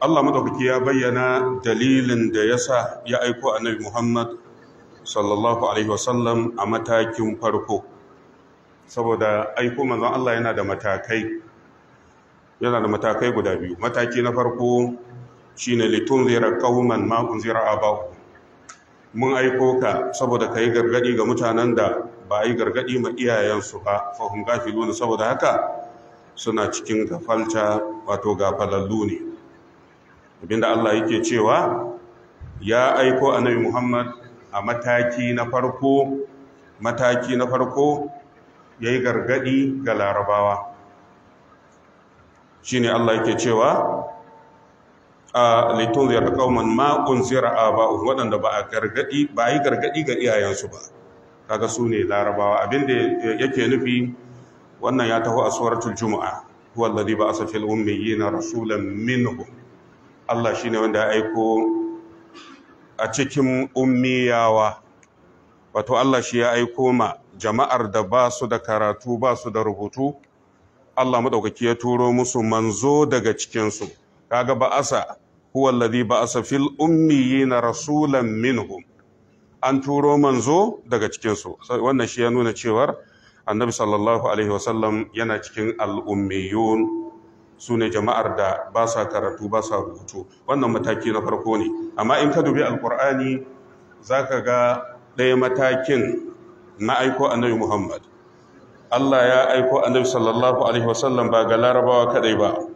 Allah madaukaki ya bayyana dalilin da ya sa ya aiko annabi Muhammad sallallahu alaihi wasallam a matakin farko saboda aiko manzon Allah yana da matakai yana da matakai guda biyu mataki na farko shine zira qauman ma unzira aba'u mun aiko ka saboda ka yi gargaɗi ga mutanen da ba yi gargaɗi ma iyayensu ba fahim gafiluna saboda haka suna cikin gafalta wato gafalallu ne abinda Allah yake cewa ya aiko annabi Muhammad a mataki na farko mataki na farko yayi gargaɗi ga larabawa shine Allah yake cewa litun zira kauman ma unzira aba'u waɗanda ba a ba yi gargadi ga iyayensu ba kaga su ne larabawa da yake nufi wannan ya taho a suratul juma'a huwa alladhi ba'atha fil ummiyina rasulan minhum Allah shine wanda ya aiko a cikin ummiyawa wato Allah shi ya aiko ma jama'ar da ba su da karatu ba su da rubutu Allah madaukaki ya turo musu manzo daga cikinsu kaga ba'asa huwa alladhi ba'asa fil ummiyina rasulan minhum an turo manzo daga cikinsu wannan shi ya nuna cewar annabi sallallahu alaihi wasallam yana cikin al'ummiyun su ne jama'ar da ba sa karatu ba sa rubutu wannan mataki na farko ne amma in ka dubi alkur'ani za ka ga ɗaya matakin na aiko annabi muhammad allah ya aiko annabi sallallahu alaihi wasallam ba ga larabawa kaɗai ba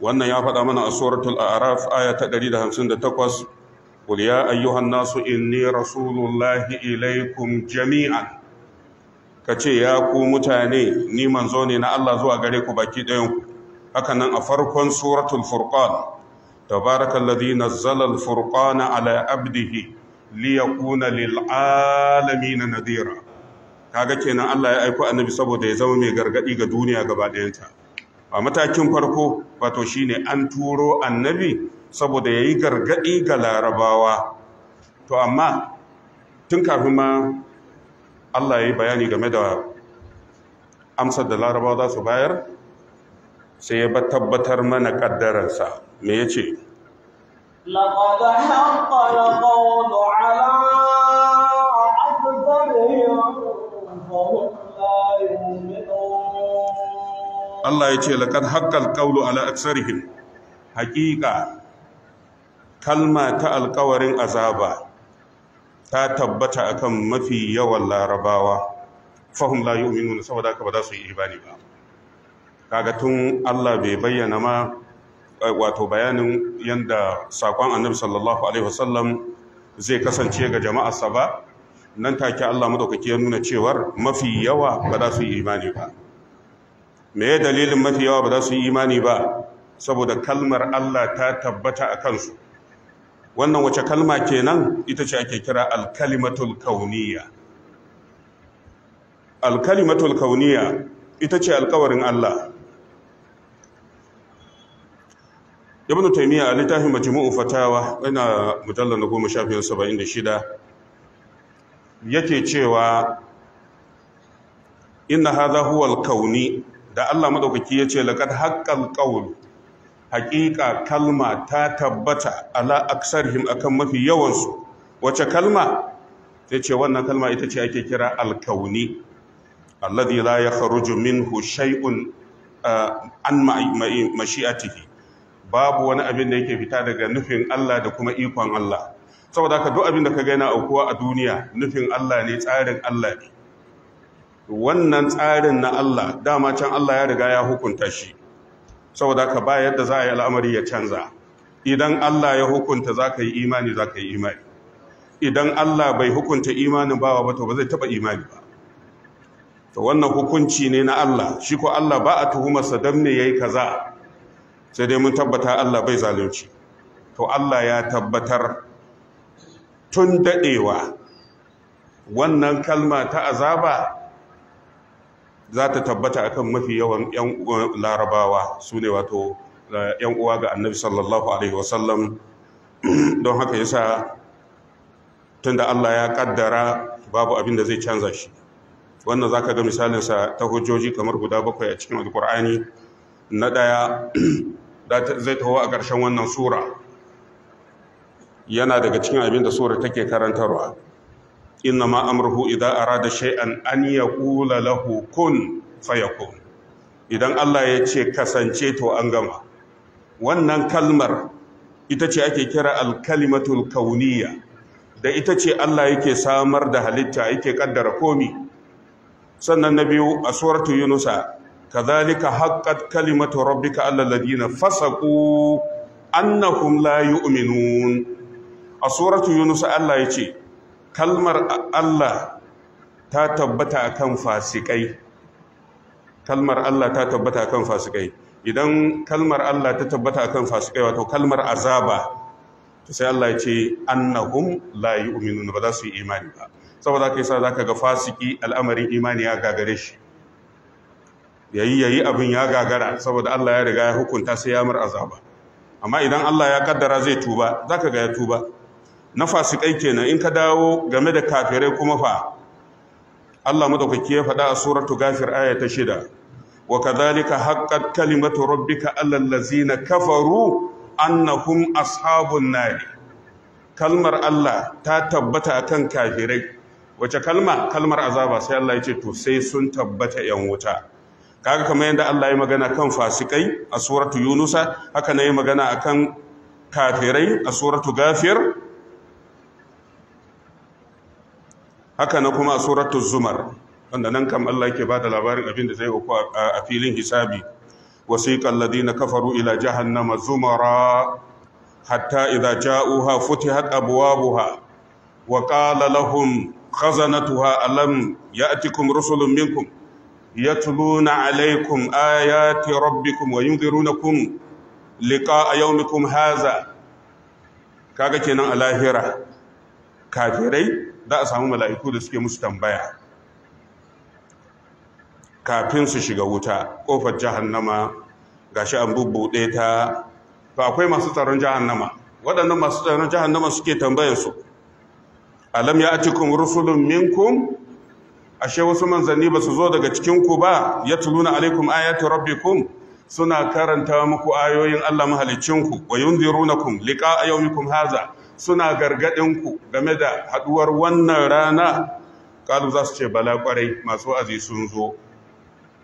wannan ya faɗa mana a suratul a'raf aya ta 158 qul ya ayyuhan nasu inni rasulullahi ilaikum jami'an kace ya ku mutane ni manzo ne na Allah zuwa gare ku baki ɗayan ku haka nan a farkon suratul furqan tabarakalladhi nazzala al-furqana ala abdihi liyakuna lil'alamin nadira kaga kenan Allah ya aiko annabi saboda ya zama mai gargadi ga duniya gaba ɗayanta a matakin farko wato shine an turo annabi saboda ya yi gargaɗi ga larabawa to amma tun kafin ma Allah ya yi bayani game da amsar da larabawa za su bayar sai ya tabbatar mana ƙaddararsa me yace laqad haqqa alqawlu ala akbarihim Allah ya ce laqad haqqal ƙaulu ala aksarihim Haƙiƙa, kalma ta alƙawarin azaba ta tabbata akan mafi yawan larabawa fahum la yu'minuna saboda haka ba za su yi imani ba kaga tun Allah bai bayyana ma eh, wato bayanin yanda sakon Annabi sallallahu alaihi wasallam zai kasance ga jama'arsa ba nan take Allah madaukaki ya nuna cewar mafi yawa ba za su yi imani ba me ya dalilin mafi yawa ba za su yi imani ba saboda kalmar Allah ta tabbata a kansu wannan wace kalma kenan ita ce ake kira alkalimatul kauniya alkalimatul kauniya ita ce alkawarin Allah ibn taymiya a littafin majmu'u fatawa ina mujallal na goma shafin 76 yake cewa inna hadha huwa alkauni da Allah madaukaki ya ce laqad haqqal qawl haqiqa kalma ta tabbata ala aksarhim akan mafi yawan su wace kalma yace wannan kalma ita ce ake kira alkauni alladhi la yakhruju minhu shay'un an mashi'atihi babu wani abin da yake fita daga nufin Allah da kuma ikon Allah saboda haka duk abin da ka ga yana aukuwa a duniya nufin Allah ne tsarin Allah ne wannan tsarin na Allah dama can Allah ya riga ya hukunta shi saboda ka ba yadda za a yi al'amari ya canza idan Allah ya hukunta za ka yi imani za ka yi imani idan Allah bai hukunta imanin bawa ba to ba zai taba imani ba to wannan hukunci ne na Allah shi ko Allah ba a tuhumarsa don me yayi kaza sai dai mun tabbata Allah bai zalunci to Allah ya tabbatar tun daɗewa. wannan kalma ta azaba za ta tabbata akan mafi yawan ‘yan larabawa su ne wato eh, ‘yan uwa ga annabi sallallahu Alaihi wasallam don haka yasa tun da Allah ya kaddara babu abin da zai canza shi wannan za ka ga misalinsa ta hujjoji kamar guda bakwai a cikin alkur'ani na ɗaya zai taho a ƙarshen wannan sura yana daga cikin abin da sura take karantarwa إنما أمره إذا أراد شيئا أن يقول idan allah فيكون إذا kasance to an gama. wannan kalmar ita ce ake kira alkalimatul kauniyya da ita ce Allah yake samar da halitta yake kaddara komi sannan na biyu a suratu yunusa kadhalika haqqat kalimatu rabbika alal ladina fasaqu annahum la yu'minun a suratu yunusa Allah yace kalmar Allah ta tabbata akan fasikai kalmar Allah ta tabbata akan fasikai idan kalmar Allah ta tabbata akan fasikai wato kalmar azaba to sai Allah ya ce annahum la yu'minun ba za su yi imani ba saboda kai sa zaka ga fasiki al'amarin imani ya gagare shi yayi yayi abin ya gagara saboda Allah ya riga ya hukunta sai ya mar azaba amma idan Allah ya kaddara zai tuba zaka ga ya tuba na fasikai kenan in ka dawo game da kafirai kuma fa Allah madaukaki ya faɗa a suratu gafir aya ta shida wa kadhalika haqqat kalimatu rabbika alal ladzina kafaru annahum ashabun nar kalmar Allah ta tabbata akan kafirai wace kalma kalmar azaba sai Allah ya ce to sai sun tabbata yan wuta kaga kamar yadda Allah ya magana kan fasikai a suratu yunusa haka ne ya magana akan kafirai a suratu gafir haka na kuma suratu zumar wanda nan kam Allah yake bada labarin abin da zai uku a filin hisabi wasiqal ladina kafaru ila jahannama zumara hatta idza ja'uha futihat abwabuha wa qala lahum khazanatuha alam ya'tikum rusulun minkum yatluna alaykum ayati rabbikum wa yunzirunakum liqa'a yawmikum hadha kaga kenan a lahira kafirai za a samu mala'iku da suke musu tambaya kafin su shiga wuta ƙofar jahannama shi an bubbuɗe ta to akwai masu tsaron jahannama waɗannan masu tsaron jahannama suke tambayar su alam ya kun rusulun minkum ashe wasu manzanni ba su zo daga cikinku ba ya tuluna alaikum ayatu rabbikum suna karanta muku ayoyin Allah mahalicinku wa yunzirunakum liqa yawmikum haza suna ku game da haɗuwar wannan rana kalu za su ce bala kwarai masu wa'azi sun zo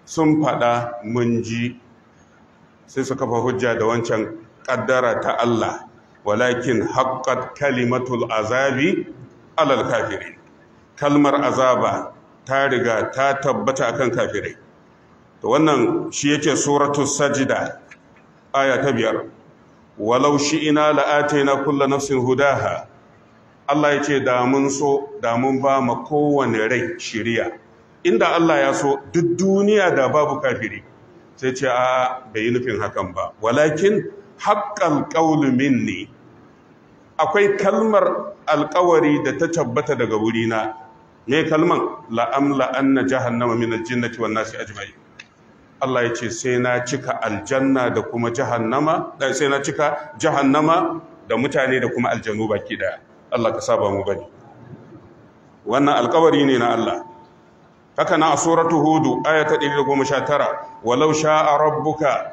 sun faɗa mun ji sai su kafa hujja da wancan kaddara ta Allah walakin haqqat kalimatul azabi alal kafirin kalmar azaba ta riga ta tabbata akan kafirai to wannan shi yake suratul sajda aya ta biyar walau shi'ina la'ataina kulla nafsin hudaha Allah ya ce damun so damun ba ma kowane rai shirya. inda Allah ya so duk duniya da babu kafiri sai ce a bai yi nufin hakan ba walakin haƙƙal ne. ne akwai kalmar alƙawari da ta tabbata daga wurina me kalman la'amla na jahannama min jinnati wannan nasi ajma'in Allah ya ce sai na cika aljanna da kuma jahannama da eh, sai na cika jahannama da mutane da kuma aljanu baki daya Allah ka saba mu bane wannan alƙawari ne na Allah haka na a hud hudu ayata 119 walau sha'a rabbuka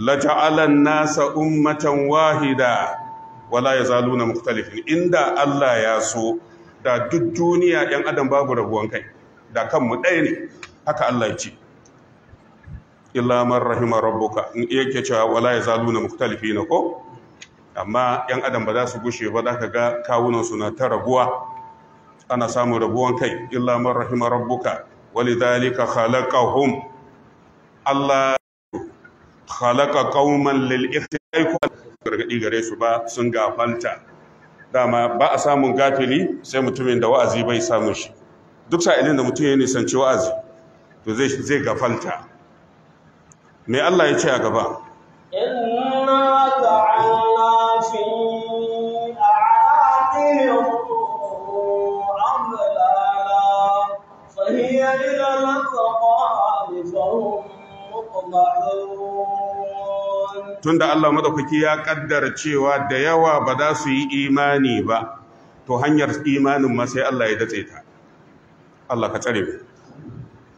laja'alan nasa ummatan wahida wala yazaluna mukhtalifin inda Allah ya so da duk duniya yan adam babu rabuwan kai da kanmu ɗaya ne haka Allah ya ce illa man rahima rabbuka in yake cewa wala ya yazaluna na ko amma yan adam ba za su gushe ba zaka ga kawunan su na ta rabuwa ana samun rabuwan kai illa man rahima rabbuka walidhalika khalaqahum Allah khalaqa qauman lil ikhtilaf gargadi gare su ba sun gafalta dama ba a samun gafili sai mutumin da wa'azi bai samu shi duk sa'ilin da mutum ya nisanci wa'azi to zai gafalta me Allah ya ce a gaba inna da Allah madaukaki ya kaddara cewa da yawa ba za su yi imani ba to hanyar imanin ma sai Allah ya datse ta Allah ka tsare mu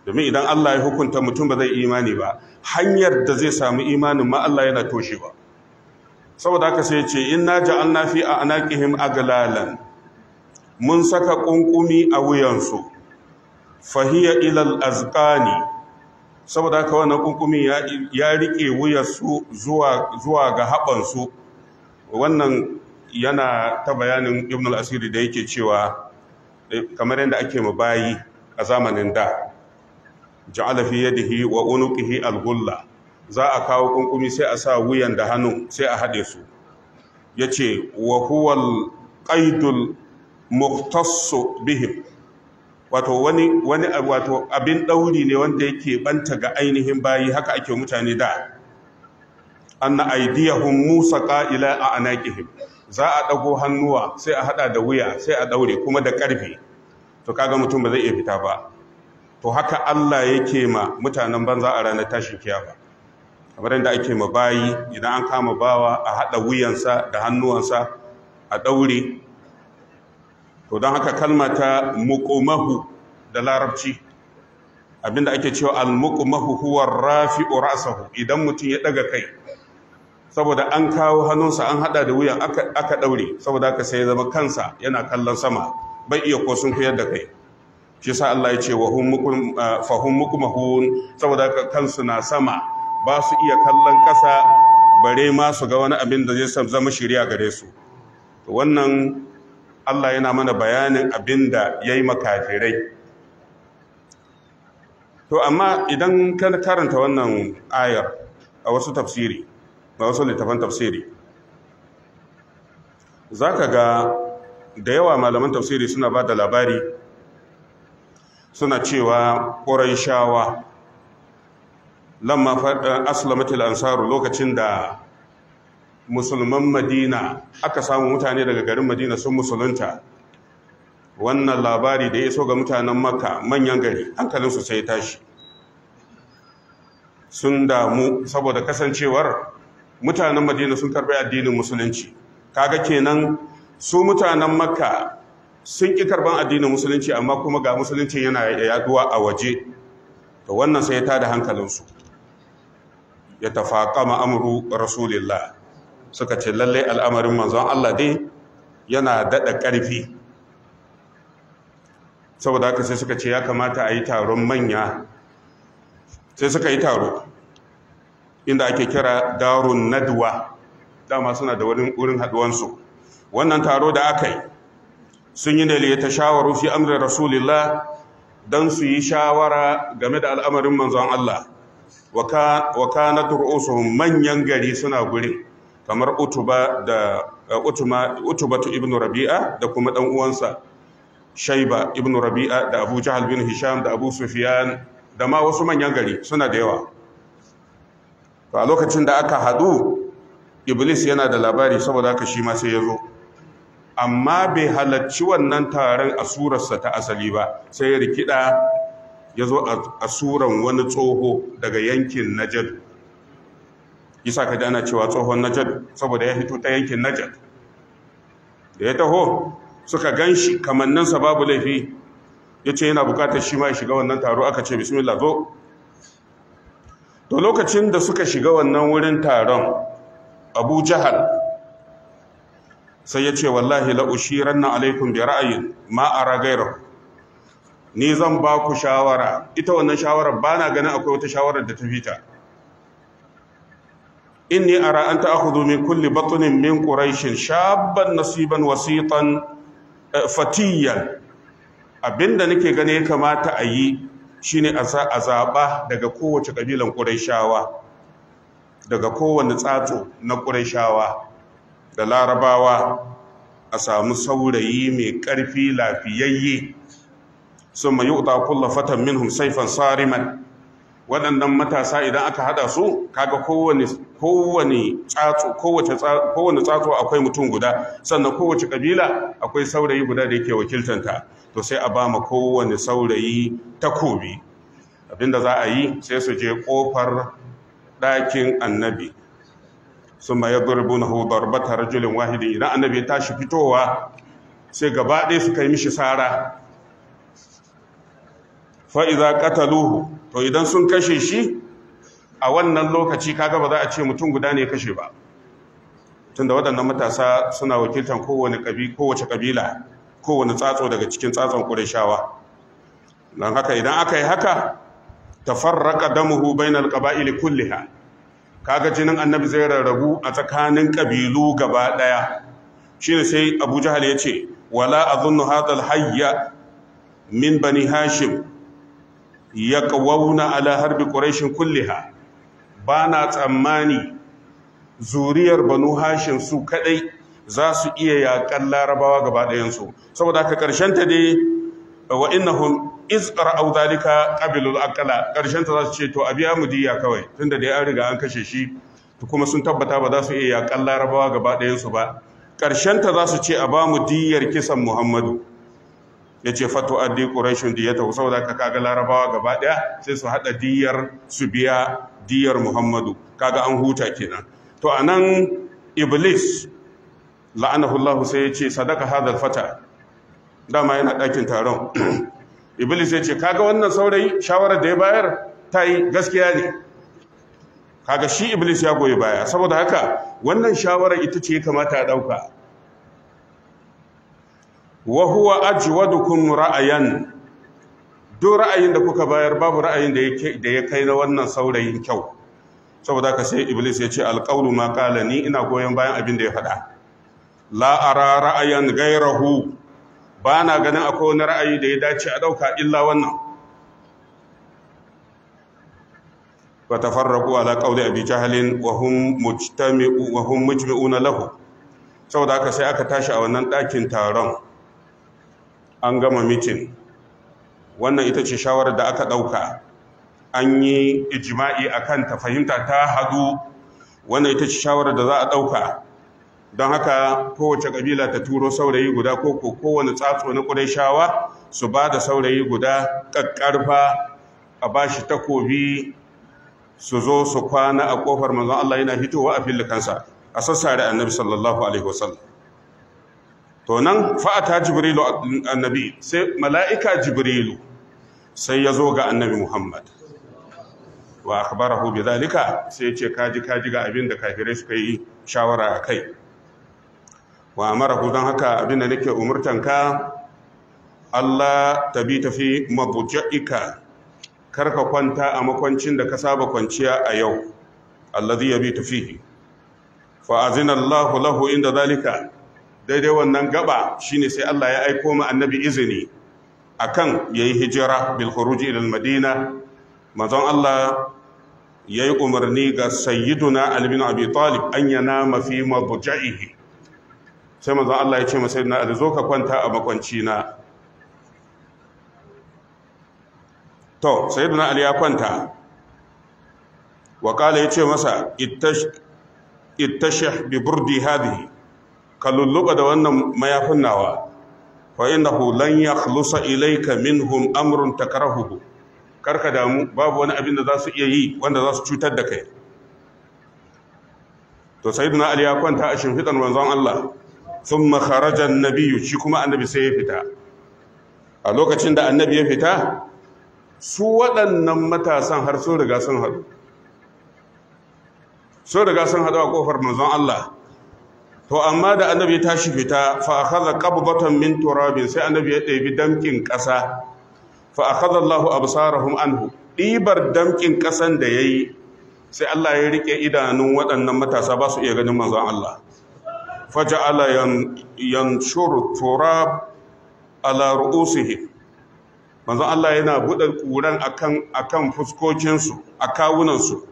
domin idan Allah ya hukunta mutum ba zai imani ba hanyar da zai samu imanin ma Allah yana toshewa saboda haka sai ce inna ja'alna fi anaqihim aglalan mun saka kunkumi a wuyansu fahiya ila al-azqani saboda haka wannan kunkumi ya ya rike su zuwa zuwa ga habansu wannan yana ta bayanin ibn al-asiri da yake cewa eh, kamar yadda ake bayi a zamanin da ja'ala fi yadihi wa unuqihi al-ghulla za a kawo kunkumi sai a sa wuyan da hannu sai a hade su yace wa huwa al-qaidul muqtass bihim wato wani wani wato abin dauri ne wanda yake banta ga ainihin bayi haka ake mutane da anna aydiyahum musaqa ila a'naqihim za a dago hannuwa sai a hada da wuya sai a daure kuma da karfi to kaga mutum ba zai iya fita ba to haka Allah yake ma mutanen banza a ranar tashin kiyama kamar yadda ake ma bayi idan an kama bawa a haɗa wuyansa da hannuwansa a ɗaure to don haka kalmata ta da larabci abinda ake cewa al-muqmahu huwa rafi'u ra'sahu idan mutum ya daga kai saboda an kawo hannunsa an hada da wuyan aka aka daure saboda aka sai ya zama kansa yana kallon sama bai iya ko sun kuyar da kai shi sa Allah ya ce wa fahum ah, saboda kansu na sama ba su iya kallon kasa bare ma su ga wani abin da zai zama shirya gare su wannan Allah yana mana bayanin abin da ya yi makafirai to amma idan ka karanta wannan ayar a wasu tafsiri a wasu littafan tafsiri za ka ga da yawa malaman tafsiri suna ba da labari suna cewa shawa lamma eh, aslamatul ansaru lokacin da musulman madina aka samu mutane daga garin madina sun musulunta wannan labari da ya iso ga mutanen makka manyan gari hankalinsu sai tashi sun damu saboda kasancewar mutanen madina sun karɓi addinin musulunci kaga kenan su mutanen makka sun ƙi karban addinin musulunci amma kuma ga musulunci yana yaduwa a waje to wannan sai ta da hankalinsu ya tafaƙama amuru rasulillah suka ce lallai al'amarin manzon Allah dai yana daɗa ƙarfi saboda haka sai suka ce ya kamata a yi taron manya sai suka yi taro inda ake kira darun nadwa dama suna da wurin haɗuwansu wannan taro da aka yi sun yi ne ta shawaru fi amurin rasulillah don su yi shawara game da al'amarin manzon Allah wa na manyan gari suna guri, kamar utuba da utubatu ibn rabi'a da kuma dan uwansa shaiba ibn rabi'a da abu bin hisham da abu sufyan da ma wasu manyan gari suna da yawa to a lokacin da aka haɗu, iblis yana da labari saboda haka shi ma sai ya zo amma bai halarci wannan taron a surarsa ta asali ba sai rikida ya zo a suran wani tsoho daga yankin najad isa ka dana cewa tsohon najad saboda ya fito ta yankin najad da ya taho suka gan shi kamanninsa babu laifi ya ce yana bukatar shi ma shiga wannan taro aka ce bismillah zo to lokacin da suka shiga wannan wurin taron abu jahal sai ya ce wallahi la'ushi, ranar alaikun bi ra'ayin ma ara ni zan ba ku shawara ita wannan shawara ba na ganin akwai wata shawarar da ta fita a ra'an an aka min kulli batunin min ƙurashin shabban nasiban wasitan eh, fatiyan abinda nake gane ya kamata a yi shine a zaɓa daga kowace ƙabilan ƙurashawa, daga kowane tsatso na ƙurashawa. da larabawa a samu saurayi mai ƙarfi lafiyayye sun mai yi kulla fatan min saifan sariman waɗannan matasa idan aka haɗa su kaga kowane tsatso akwai mutum guda sannan kowace ƙabila akwai saurayi guda da yake wakiltanta to sai a ba ma kowane saurayi takobi abinda za a yi sai su je ƙofar ɗakin annabi sun ma ya darbunahu darbata rajulin wahidi idan annabi ya tashi fitowa sai gaba ɗaya su kai mishi sara Fa'iza idza to idan sun kashe shi a wannan lokaci kaga ba za a ce mutum guda ne kashe ba tunda waɗannan matasa suna wakiltar kowane kowace ƙabila kowane tsatso daga cikin tsatson ƙurashawa. Don haka idan aka yi haka ta tafarraqa damuhu bainal qaba'ili kulliha kaga jinin annabi zai rarrabu a tsakanin ƙabilu gaba daya shine sai Abu ya ce, wala azunnu hadha al-hayya min bani hashim yaqawuna ala harbi quraish kulliha bana tsammani zuriyar banu hashim su kaɗai za su iya yaƙan larabawa gaba ɗayansu saboda haka ƙarshen ta dai wa innahum iz ra'au zalika qabilul akala karshen ta za su ce to a biya mu diya kawai tunda dai an riga an kashe shi to kuma sun tabbata ba za su iya yakan larabawa gaba ɗayan su ba karshen ta za su ce a ba mu diyar kisan muhammadu ya ce fatu addi quraishun diyata saboda ka kaga larabawa gaba ɗaya sai su haɗa diyar su biya diyar muhammadu kaga an huta kenan to a nan iblis la'anahu allahu sai ya ce sadaka hadal fata dama yana ɗakin taron iblis ya ce kaga wannan saurayi shawarar da ya bayar ta yi gaskiya ne kaga shi iblis ya goyi baya saboda haka wannan shawarar ita ce ya kamata a ɗauka wa huwa ajwadukum ra'ayan duk ra'ayin da kuka bayar babu ra'ayin da ya kai na wannan saurayin kyau saboda haka sai iblis ya ce alƙawlu ma ni ina goyon bayan abin da ya faɗa la ara ra'ayan gairahu ba na ganin akwai wani ra'ayi da ya dace a ɗauka illa wannan wa tafarraqu ala qawli abi jahlin wa hum mujtami'u wa lahu saboda haka sai aka tashi a wannan ɗakin taron an gama mitin wannan ita ce shawarar da aka ɗauka an yi ijima'i a kanta fahimta ta hadu wannan ita ce shawarar da za a ɗauka don haka kowace kabila ta turo saurayi guda ko kowane tsatso na shawa su ba da saurayi guda ƙaƙƙarfa a ba shi takobi su zo su kwana a ƙofar manzon Allah yana fitowa a kansa. a sassare annabi sallallahu alaihi wasallam to nan fa'ata jibrilu annabi sai mala'ika jibrilu sai ya zo ga annabi muhammad wa akhbarahu zalika? sai ya ce kaji kaji ga abin da kafirai suka yi shawara a kai wa amarahu don haka abin da nake umurtanka Allah bi tafi mabuja'ika kar ka kwanta a makwancin da ka saba kwanciya a yau zai yabi tafi fa azina Allah lahu inda zalika daidai wannan gaba shine sai Allah ya aiko mu annabi izini akan yayi hijira bil khuruj ila al madina manzon Allah yayi umarni ga sayyiduna Ali bin Abi Talib an yana mafi mabujaihi sai manzon Allah ya ce masa sayyidina Ali zo ka kwanta a makwanci na to sayyidina Ali ya kwanta wa ya ce masa ittashih bi burdi hadhihi da wannan mayafin nawa fa innahu lan yakhlusa ilayka minhum amrun takrahuhu karka damu babu wani abin da za su iya yi wanda za su cutar da kai to sayyidina ali ya kwanta a shimfidan manzon Allah sun makarajar nabiyu shi kuma annabi sai ya fita a lokacin da annabi ya fita su waɗannan matasan har sun riga sun haɗu sun riga sun haɗu a ƙofar manzon Allah to amma da annabi ya tashi fita fa ƙabbaton qabdatan min turabin sai annabi ya ɗebi damkin ƙasa fa akhadha Allahu absarahum anhu ɗibar damkin ƙasan da yayi sai Allah ya rike idanun waɗannan matasa ba su iya ganin manzon Allah فجعل ينشر التراب على رؤوسه manzo Allah yana buɗe ƙuran akan akan fuskokinsu a kawunansu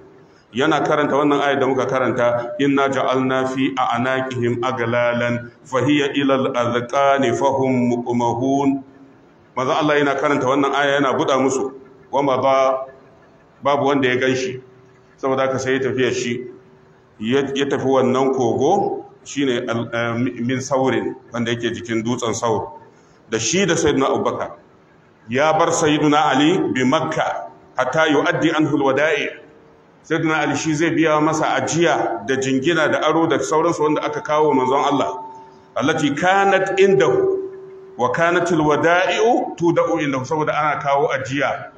yana karanta wannan ayat da muka karanta inna ja'alna fi a'naqihim aglalan fahiya ila al-azqani fahum muqmahun Maza Allah yana karanta wannan aya yana buɗa musu wama ba babu wanda ya ganshi saboda haka sai ya tafi shi ya tafi wannan kogo shine eh, min saurin wanda yake jikin dutsen saur da shi da Sayyidina abubakar ya bar sayyiduna ali bi makka hatta yu'addi anhu alwada'i sayyiduna ali shi zai biya masa ajiya da jingina da aro da sauransu wanda aka kawo manzon Allah allati kanat indahu wa kanat alwada'i tuda'u indahu saboda ana kawo ajiya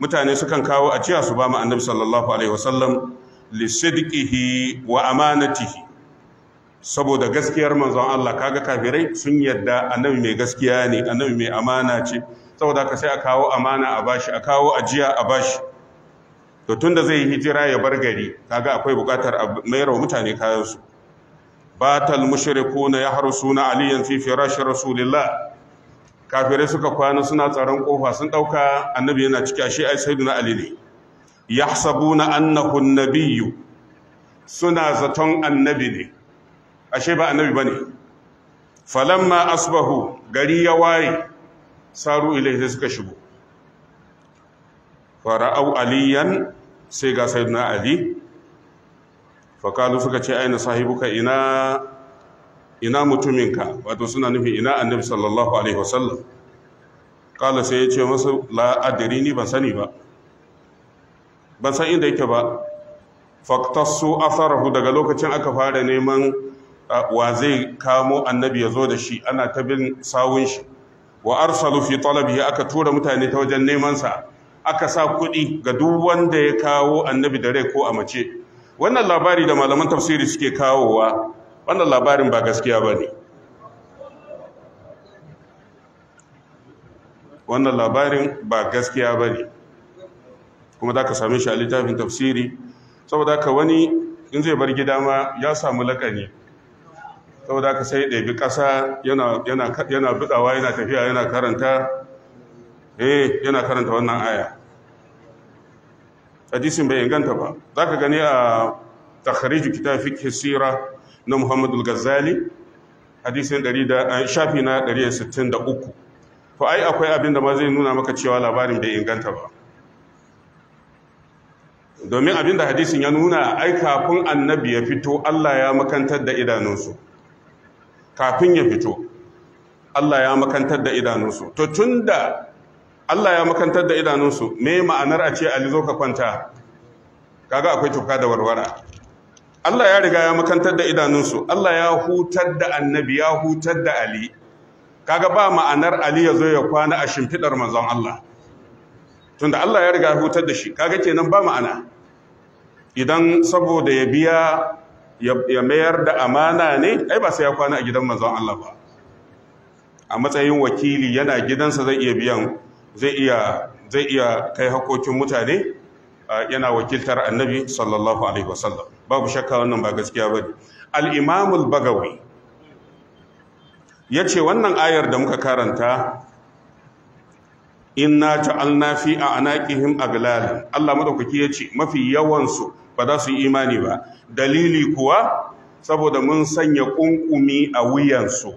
mutane sukan kawo ajiya su ba mu annabi sallallahu alaihi wasallam li sidqihi wa amanatihi saboda gaskiyar manzon Allah kaga kafirai sun yadda annabi mai gaskiya ne annabi mai amana ce saboda ka sai a kawo amana a bashi a kawo ajiya a bashi to tunda zai hijira ya bar gari kaga akwai bukatar a mayar wa mutane kayan su batal mushrikuna yahrusuna aliyan fi firash rasulillah kafirai suka kwana suna tsaron kofa sun dauka annabi yana ciki ashe ai sayyidina ali ne yahsabuna annahu nabiyyu suna zaton annabi ne ashe ba annabi bane falamma asbahu gari ya waye saru ilai sai suka shigo Fara'u aliyan sai ga sayyidina ali fakalu suka ce aina sahibuka ina ina mutuminka wato suna nufin ina annabi sallallahu alaihi wasallam kala sai ya ce masa la adiri ni ban sani ba ban san inda yake ba faktassu asarahu daga lokacin aka fara neman wa zai kamo annabi ya zo da shi ana ta bin sawun shi wa arsalu fi talabi aka tura mutane ta wajen neman sa aka sa kuɗi ga duk wanda ya kawo annabi da rai ko a mace wannan labari da malaman tafsiri suke kawowa wannan labarin ba gaskiya ba wannan labarin ba gaskiya ba kuma za ka same shi a littafin tafsiri saboda haka wani in zai bar gida ma ya samu lakani saboda ka sai ɗabi ƙasa yana buɗawa yana tafiya yana karanta eh yana karanta wannan aya hadisin bai inganta ba za ka gani a takhariju kita fi kisira na Muhammadu al-Ghazali hadisin shafi na 163 to ai akwai abin da ma zai nuna maka cewa labarin bai inganta ba domin abin da hadisin ya nuna ai kafin annabi ya fito Allah ya makantar da idanunsu kafin ya fito Allah ya makantar da idanunsu to tunda Allah ya makantar da idanunsu me ma'anar a ce Ali zo ka kwanta kaga akwai tuka da warwara Allah ya riga ya makantar da idanunsu Allah ya hutar da annabi ya hutar da Ali kaga ba ma'anar Ali ya zo ya kwana a shimfidar manzon Allah tunda Allah ya riga ya hutar da shi kaga kenan ba ma'ana idan saboda ya biya ya mayar da amana ne ai ba sai ya kwana a gidan manzon Allah ba a matsayin wakili yana gidansa zai iya biyan zai iya zai iya kai hakokin mutane yana wakiltar annabi sallallahu alaihi wasallam babu shakka wannan ba gaskiya bane al-imam al-bagawi yace wannan ayar da muka karanta inna ta'alna fi a'naqihim aglal Allah madaukaki yace mafi yawan su ba za su yi imani ba dalili kuwa saboda mun sanya ƙunƙumi a wuyansu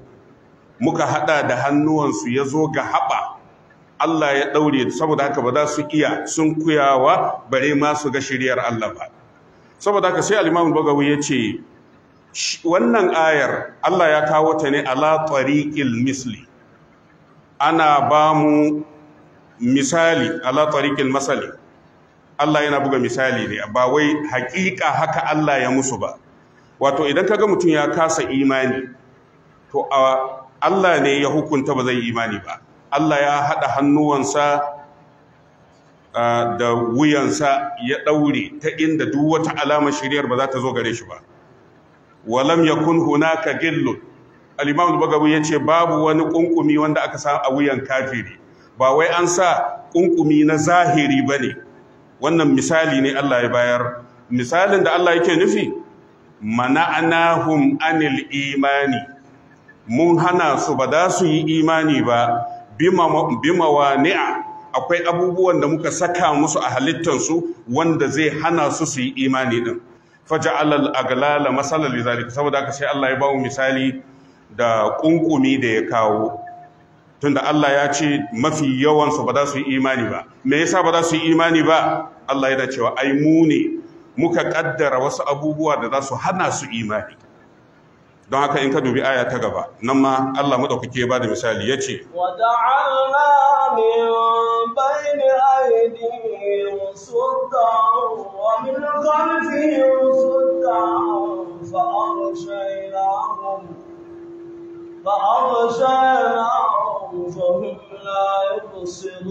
muka haɗa da hannuwansu ya zo ga haɓa Allah ya ɗaure saboda haka ba za su iya sun kuyawa bare ma su ga shiriyar Allah ba saboda haka sai al-Imam Bagawi ya ce wannan ayar Allah ya kawo ta ne ala tariqil misli ana ba mu misali ala tariqil masali Allah yana buga misali ne ba wai haƙiƙa haka Allah ya musu ba wato idan kaga mutum ya kasa imani to Allah ne ya hukunta ba zai imani ba Allah ya haɗa hannuwansa da wuyansa ya ɗaure ta inda duk wata alamar shiryar ba za ta zo gare shi ba walam yakun hunaka gillu al-imam al-bagawi yace babu wani kunkumi wanda aka sa a wuyan kafiri ba wai an sa kunkumi na zahiri bane wannan misali ne Allah ya bayar misalin da Allah yake nufi mana'anahum anil imani mun hana su ba da su yi imani ba bima wani'a akwai abubuwan da muka saka musu a halittansu wanda zai hana su su yi imani din Faja al-aglala masalan lidhalika saboda haka sai Allah ya bawo misali da kunkumi da ya kawo tunda Allah ya ce mafi yawansu ba za su yi imani ba me yasa ba za su yi imani ba Allah yana cewa ai mu ne muka kaddara wasu abubuwa da za su hana su imani don haka in ka dubi aya ta gaba nan ma Allah madaukake ba da misali ya ce wada'alna min bayni aydihim wa min khalfihim fa Fa a washe a na a wasu fahimta ya ta sayo.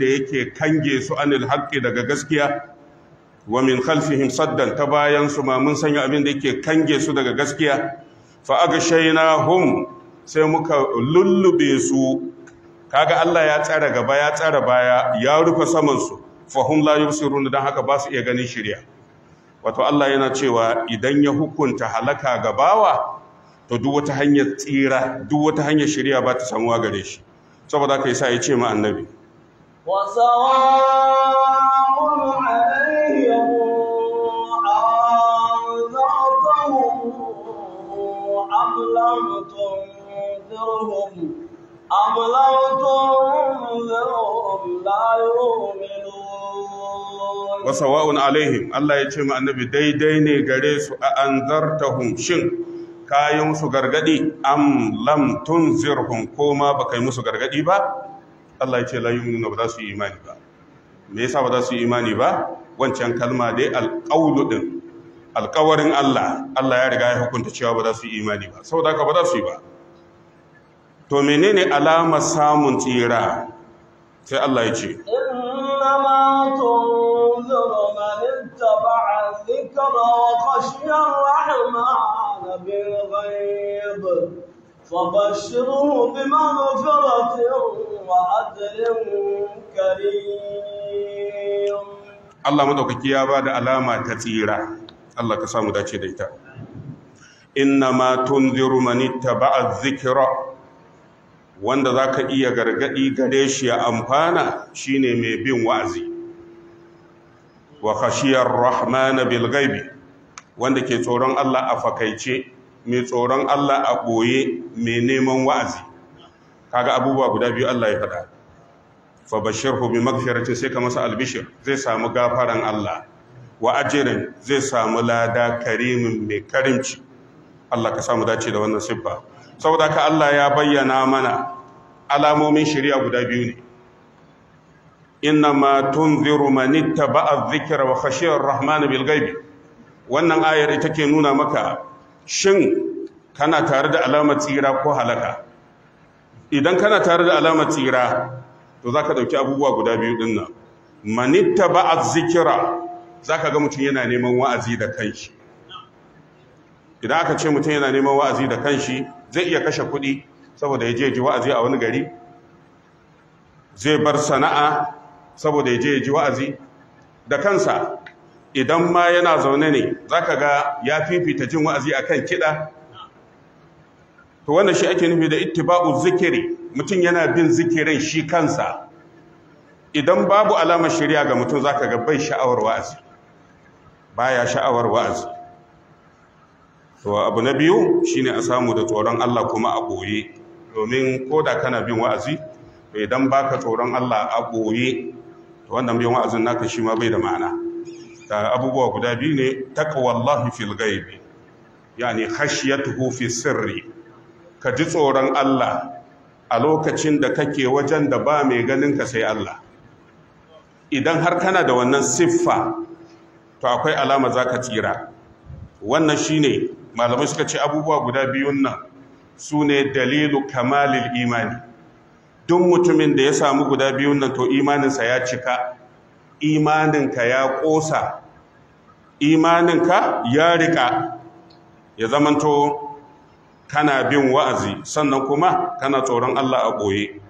yake kange su Anil haƙƙi daga gaskiya. Wa mun kalli saddan ta bayansu ma mun sanya abin da yake kange su daga gaskiya. Fa agashai sai muka lullube su. Ka Allah ya tsara gaba ya tsara baya ya rufe samansu Fahim Ladi Hussar-1 don haka ba su iya ganin shirya. wato Allah yana cewa idan ya hukunta halaka ga bawa to duk wata hanyar tsira duk wata hanyar shirya ba ta samuwa gare shi saboda kai sa ya ce ma annabi wa sawa'un أم لم تنذرهم لا يؤمنون wa sawa'un alaihim Allah ya ce ma annabi daidai ne gare su a anzartahum shin kayan su gargadi am lam zirhun ko ma ba kai musu gargadi ba Allah ya ce la nuna ba za su yi imani ba me yasa ba za su yi imani ba wancan kalma dai alqawlu din alƙawarin Allah Allah ya riga ya hukunta cewa ba za su yi imani ba saboda haka ba za su yi ba to menene alamar samun tsira sai Allah ya ce إنما تنذر من اتبع الذكر وخشي الرحمن بالغيب فبشره بمغفرة وأجر كريم Allah madaukaki ya ba da alama ta tsira, Allah samu dace da ita. Inna ma tun ziru ba a zikira, wanda za ka iya gargaɗi gare shi ya amfana shine mai bin wa'azi wa kashiyar rahmana bilgaibi wanda ke tsoron Allah a fakaice mai tsoron Allah a ɓoye mai neman wa'azi kaga abubuwa guda biyu Allah ya faɗa fa bashirhu bi magfiratin sai ka masa albishir zai samu gafaran Allah wa ajirin zai samu lada karimin mai karimci Allah ka samu dace da wannan siffa saboda ka Allah ya bayyana mana alamomin shari'a guda biyu ne ma tunziru man ittaba'a dhikra wa khashiya rahman bil ghaibi wannan ayar ita ke nuna maka shin kana tare da alamar tsira ko halaka idan kana tare da alamar tsira to zaka dauki abubuwa guda biyu din nan man ittaba'a dhikra zaka ga mutum yana neman wa'azi da kanshi idan aka ce mutum yana neman wa'azi da kanshi zai iya kashe kuɗi saboda ya je ji wa'azi a wani gari zai bar sana'a saboda ya je ji wa'azi da kansa idan ma yana zaune ne zaka ga ya fifita jin wa'azi akan kiɗa to wannan shi ake nufi da ittiba'u zikiri mutum yana bin zikirin shi kansa idan babu alamar shirya ga mutum zaka ga bai sha'awar wa'azi baya sha'awar wa'azi to abu na biyu shine a samu da tsoron Allah kuma a boye domin ko da kana bin wa'azi to idan baka tsoron Allah a goye to wannan bin wa'azin naka shi ma bai da ma'ana da abubuwa guda biyu ne taqwallahi fil ghaib yani khashyatuhu fi sirri ka ji tsoron Allah a lokacin da kake wajen da ba mai ganin ka sai Allah idan har kana da wannan siffa to akwai alama zaka tsira wannan shine malamai suka ce abubuwa guda biyun nan su ne dalilu kamalil imani duk mutumin da ya samu guda biyun nan to imaninsa ya cika imaninka ya ƙosa imaninka ya rika ya zamanto kana bin wa'azi sannan kuma kana tsoron Allah a ɓoye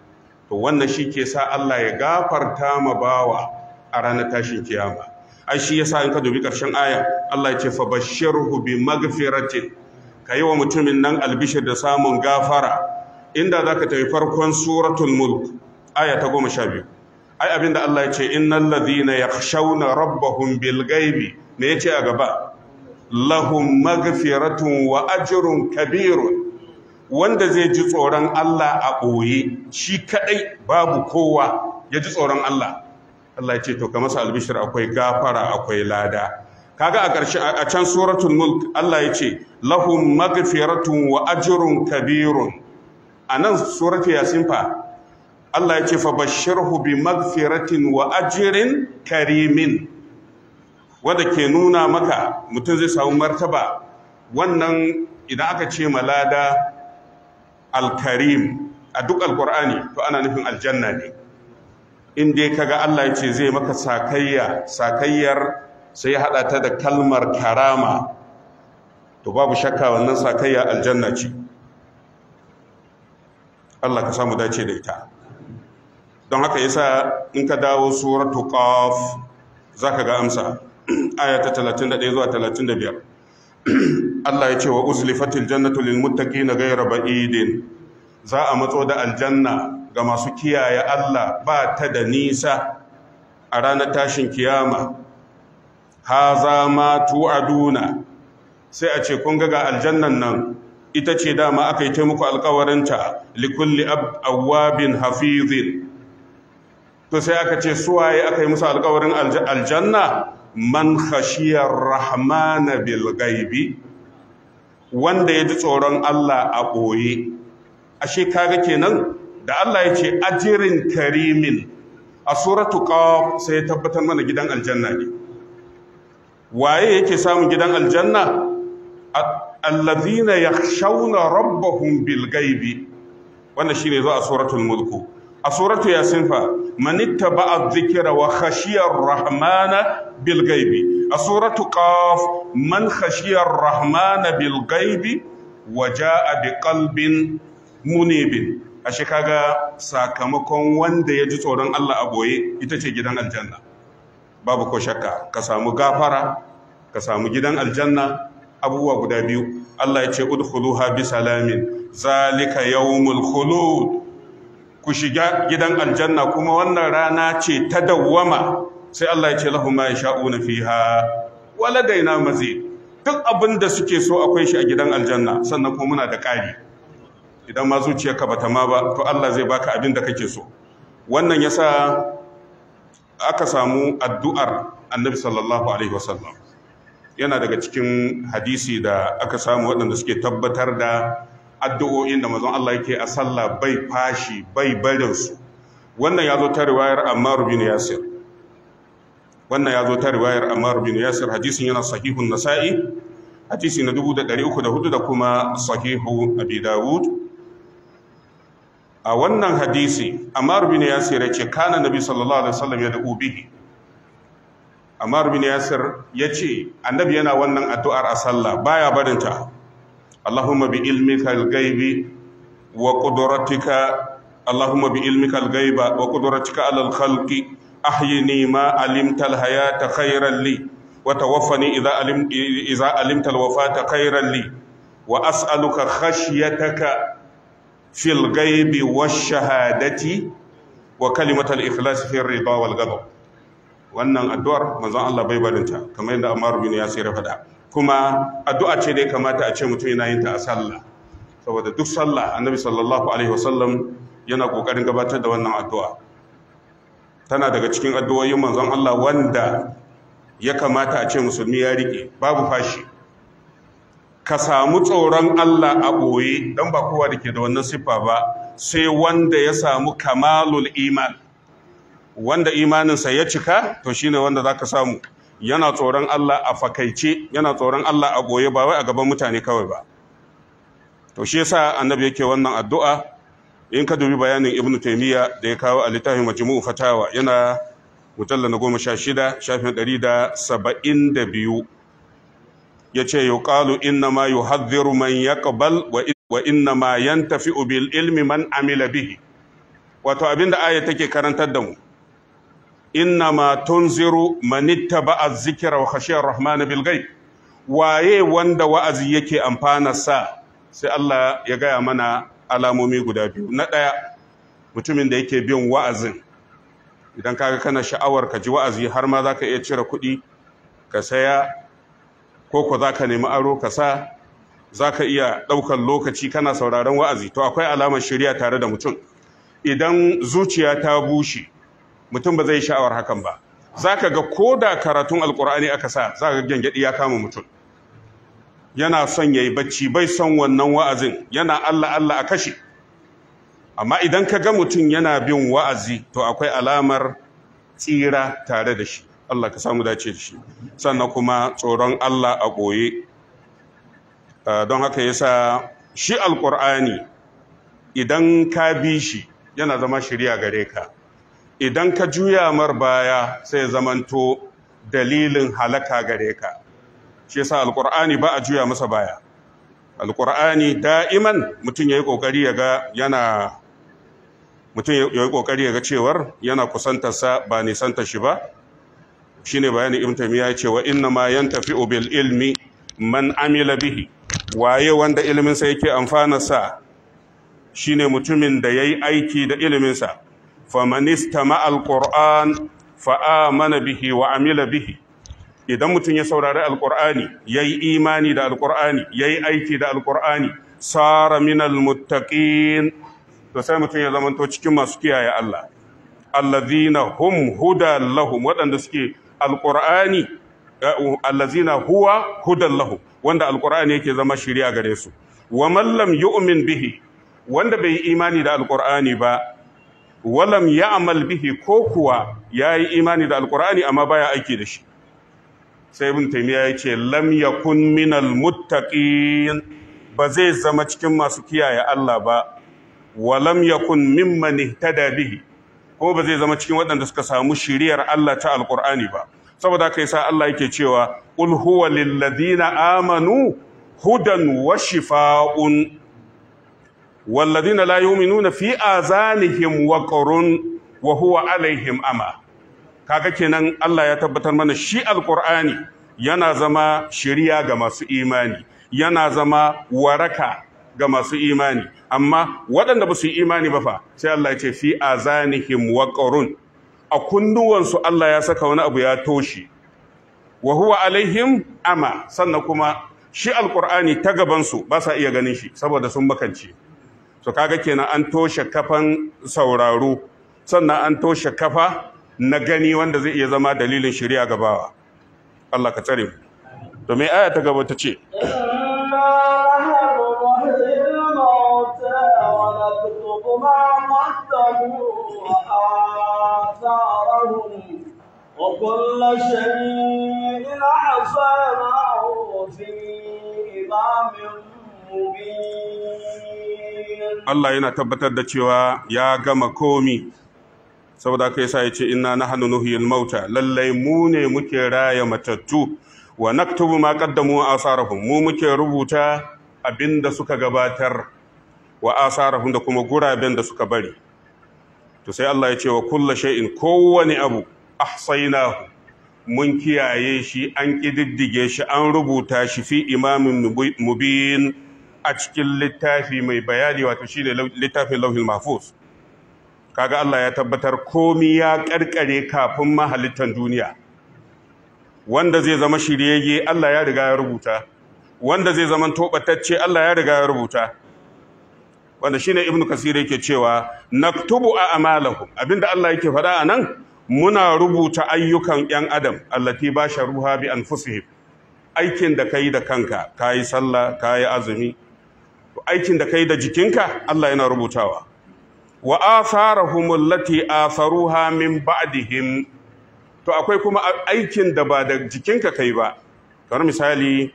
to wannan shi ke sa Allah ya gafarta ma bawa a ranar tashin kiyama ai shi yasa in ka dubi karshen aya Allah ya ce fa bashirhu bi magfiratin kayi wa mutumin nan albishir da samun gafara inda zaka tafi farkon suratul mulk aya ta goma ai abinda Allah ya ce innal ladhina yakhshawna rabbahum bil ghaibi me yace a gaba lahum magfiratun wa ajrun kabirun wanda zai ji tsoron Allah a ɓoye shi kadai babu kowa ya ji tsoron Allah Allah ya ce to kamar albishir akwai gafara akwai lada kaga a ƙarshe a can suratul mulk Allah ya ce lahum maghfiratun wa ajrun kabirun anan surati yasin fa Allah ya ce fa bashirhu bi maghfiratin wa ajrin karimin wanda ke nuna maka mutum zai samu martaba wannan idan aka ce malada alkarim a duk alkur'ani to ana nufin aljanna ne in dai kaga Allah ya ce zai maka sakayya sakayyar sai ya hada ta da kalmar karama to babu shakka wannan sakayya aljanna ce Allah ka samu dace da ita don haka yasa in ka dawo suratu qaf zaka ga amsa aya ta 31 zuwa 35 Allah ya ce wa uzlifatil jannatu lil muttaqina ghayra ba'idin za a matso da aljanna ga masu kiyaye Allah ba ta da nisa a ranar tashin kiyama haza ma tu'aduna sai a ce kun ga aljannan nan ita ce dama aka yi ta muku alkawarinta likulli awwabin hafizin to sai aka ce suwaye aka yi musu alkawarin aljanna man khashiyar rahmana bil gaibi wanda ya ji tsoron Allah a ɓoye ashe kaga kenan da Allah ya ce ajirin karimin a suratu qaf sai ya tabbatar mana gidan aljanna ne waye yake samun gidan aljanna allazina yakhshawna rabbahum bil ghaibi wannan shine zo a suratul mulku a suratu yasin fa man ittaba'a dhikra wa khashiya rahmana bil a suratu qaf man khashiya rahmana bil ghaibi wa bi qalbin munibin ashe kaga sakamakon wanda ya ji tsoron Allah a boye ita ce gidan aljanna babu ko shakka ka samu gafara ka samu gidan aljanna abubuwa guda biyu Allah ya ce udkhuluha bi salamin zalika yawmul khulud ku shiga gidan aljanna kuma wannan rana ce ta dawwama sai Allah ya ce lahum ma yasha'una fiha waladaina mazid duk abin da suke so akwai shi a gidan aljanna sannan kuma muna da ƙari idan ma zuciyarka bata ma ba to Allah zai baka abin da kake so wannan yasa aka samu addu'ar annabi sallallahu alaihi wasallam yana daga cikin hadisi da aka samu waɗanda suke tabbatar da addu'o'in da mazan Allah yake a sallah bai fashi bai su wannan ya zo ta riwayar Ammar bin Yasir wannan ya zo ta riwayar Ammar bin Yasir hadisin yana sahihun Nasa'i hadisi na 1304 da kuma sahihu Abi Dawud a wannan hadisi Ammar bin Yasir ya yace kana Nabi sallallahu alaihi wasallam ya da'u bihi Ammar bin Yasir ya ce, annabi yana wannan addu'ar a sallah baya barinta Allahumma bi ilmika al-ghaibi wa qudratika Allahumma bi ilmika al-ghaiba wa qudratika ala al-khalqi ahyini ma alimta al-hayata khayran li wa tawaffani idha alim idha alimta al-wafata khayran li wa as'aluka khashyataka fil ghaibi wash shahadati wa kalimatal ikhlas fi ridha wal ghadab wannan addu'ar manzon Allah bai barinta kamar yadda Ammar bin Yasir ya faɗa kuma addu'a ce da ya kamata a ce mutum yana yin ta a sallah saboda duk sallah annabi sallallahu alaihi wasallam yana kokarin gabatar da wannan addu'a tana daga cikin addu'o'in manzon Allah wanda ya kamata a ce musulmi ya rike babu fashi ka samu tsoron Allah a ɓoye don ba kowa da ke da wannan siffa ba sai wanda ya samu kamalul iman wanda imaninsa ya cika to shi ne wanda za ka samu yana tsoron Allah a fakaice yana tsoron Allah a ɓoye ba wai a gaban mutane kawai ba to shi yasa annabi yake wannan addu'a in ka dubi bayanin ibnu taymiya da ya kawo a littafin majmu'u fatawa yana mujalla na goma sha shida shafin ɗari da saba'in da biyu yace ƙalu inna ma yuhadhdhiru man ya ƙabal wa inna ma tafi ubil ilmi man amila bihi wato abinda aya take karantar da mu inna ma tunziru man ittaba'a zikira wa khashiya rahman bil waye wanda wa'azi yake amfana sa sai Allah ya gaya mana alamomi guda biyu na ɗaya mutumin da yake bin wa'azin idan kaga kana sha'awar ka ji wa'azi har ma zaka iya cire kuɗi ka saya ko ko za ka nemi aro ka sa za ka iya ɗaukar lokaci kana sauraron wa'azi to akwai alamar shirya tare da mutum idan zuciya ta bushe mutum ba zai sha'awar hakan ba za ka ga ko da karatun alkur'ani aka sa za ka gyangyaɗi ya kama mutum yana son ya yi bacci bai son wannan wa'azin yana allah allah a kashe amma idan ka ga mutum yana bin wa'azi to akwai alamar tsira tare da shi Allah ka samu dace da shi sannan kuma tsoron Allah a ɓoye ah, don haka yasa shi alƙur'ani idan ka bi shi yana zama shirya gare ka idan ka juya mar baya sai zamanto dalilin halaka gare ka shi yasa alƙur'ani ba a juya masa baya alƙur'ani da'iman mutum ya yi ƙoƙari ya ga yana mutum ya yi ya ga cewar yana kusantarsa ba nisantar shi ba shine bayanin ibn taymiya ya ce wa inna ma yantafi'u bil ilmi man amila bihi waye wanda ilimin sa yake amfana sa shine mutumin da yayi aiki da ilimin sa faman istama alquran fa amana bihi wa amila bihi idan mutum ya saurari alqur'ani yayi imani da alqur'ani yayi aiki da alqur'ani sara minal muttaqin to sai mutum ya zamanto cikin masu kiyaye Allah allazina hum huda lahum waɗanda suke alqur'ani eh, allazina huwa hudallahu wanda Alƙur'ani yake zama shiriya gare su wa man lam yu'min bihi wanda bai imani da Alƙur'ani ba walam ya'mal bihi ko kuwa yayi imani da Alƙur'ani amma baya aiki da shi sai ibn taymiya yace lam yakun minal muttaqin ba zai zama cikin masu kiyaye Allah ba walam yakun mimman ihtada bihi ko ba zai zama cikin waɗanda suka samu shiriyar Allah ta alƙur'ani ba saboda haka yasa Allah yake cewa qul huwa lil amanu hudan wa shifaa'un wal la yu'minuna fi azanihim wa huwa alaihim ama kaga kenan Allah ya tabbatar mana shi alƙur'ani yana zama shiriya ga masu imani yana zama waraka ga masu imani amma waɗanda ba su yi imani ba fa sai Allah ya ce fi azanihim waqarun a kunnuwansu Allah ya saka wani abu ya toshe. wa huwa alaihim ama sannan kuma shi alqur'ani ta gaban su ba sa iya ganin shi saboda sun makance so kaga kenan an toshe kafan sauraro sannan an toshe kafa na gani wanda zai iya zama dalilin shari'a gabawa Allah ka tsare mu domin aya ta gaba ta ce وكل شيء أحصيناه في إمام Allah yana tabbatar da cewa ya gama komi saboda kai sa yace inna nahnu nuhyil mauta lallai mu ne muke raya matattu wa naktubu ma qaddamu asarahum mu muke rubuta abinda suka gabatar wa asarahum da kuma guraben da suka bari to sai Allah ya ce wa kulla shay'in kowane abu ahsaynahu mun kiyaye shi an ƙididdige shi an rubuta shi fi imamin mubin a cikin littafi mai bayani wato shine littafin lauhil mahfuz kaga Allah ya tabbatar komi ya karkare kafin mahalittan duniya wanda zai zama shiryayye Allah ya riga ya rubuta wanda zai zama tobatacce Allah ya riga ya rubuta wanda shine ibn kasir yake cewa naktubu a amalahum abinda Allah yake faɗa anan, muna rubuta ayyukan yan adam allati ruha bi anfusihim aikin da kai da kanka kayi sallah yi azumi aikin da kai da jikinka Allah yana rubutawa wa atharahum allati atharuha min ba'dihim to akwai kuma aikin da ba da jikinka kai ba kamar misali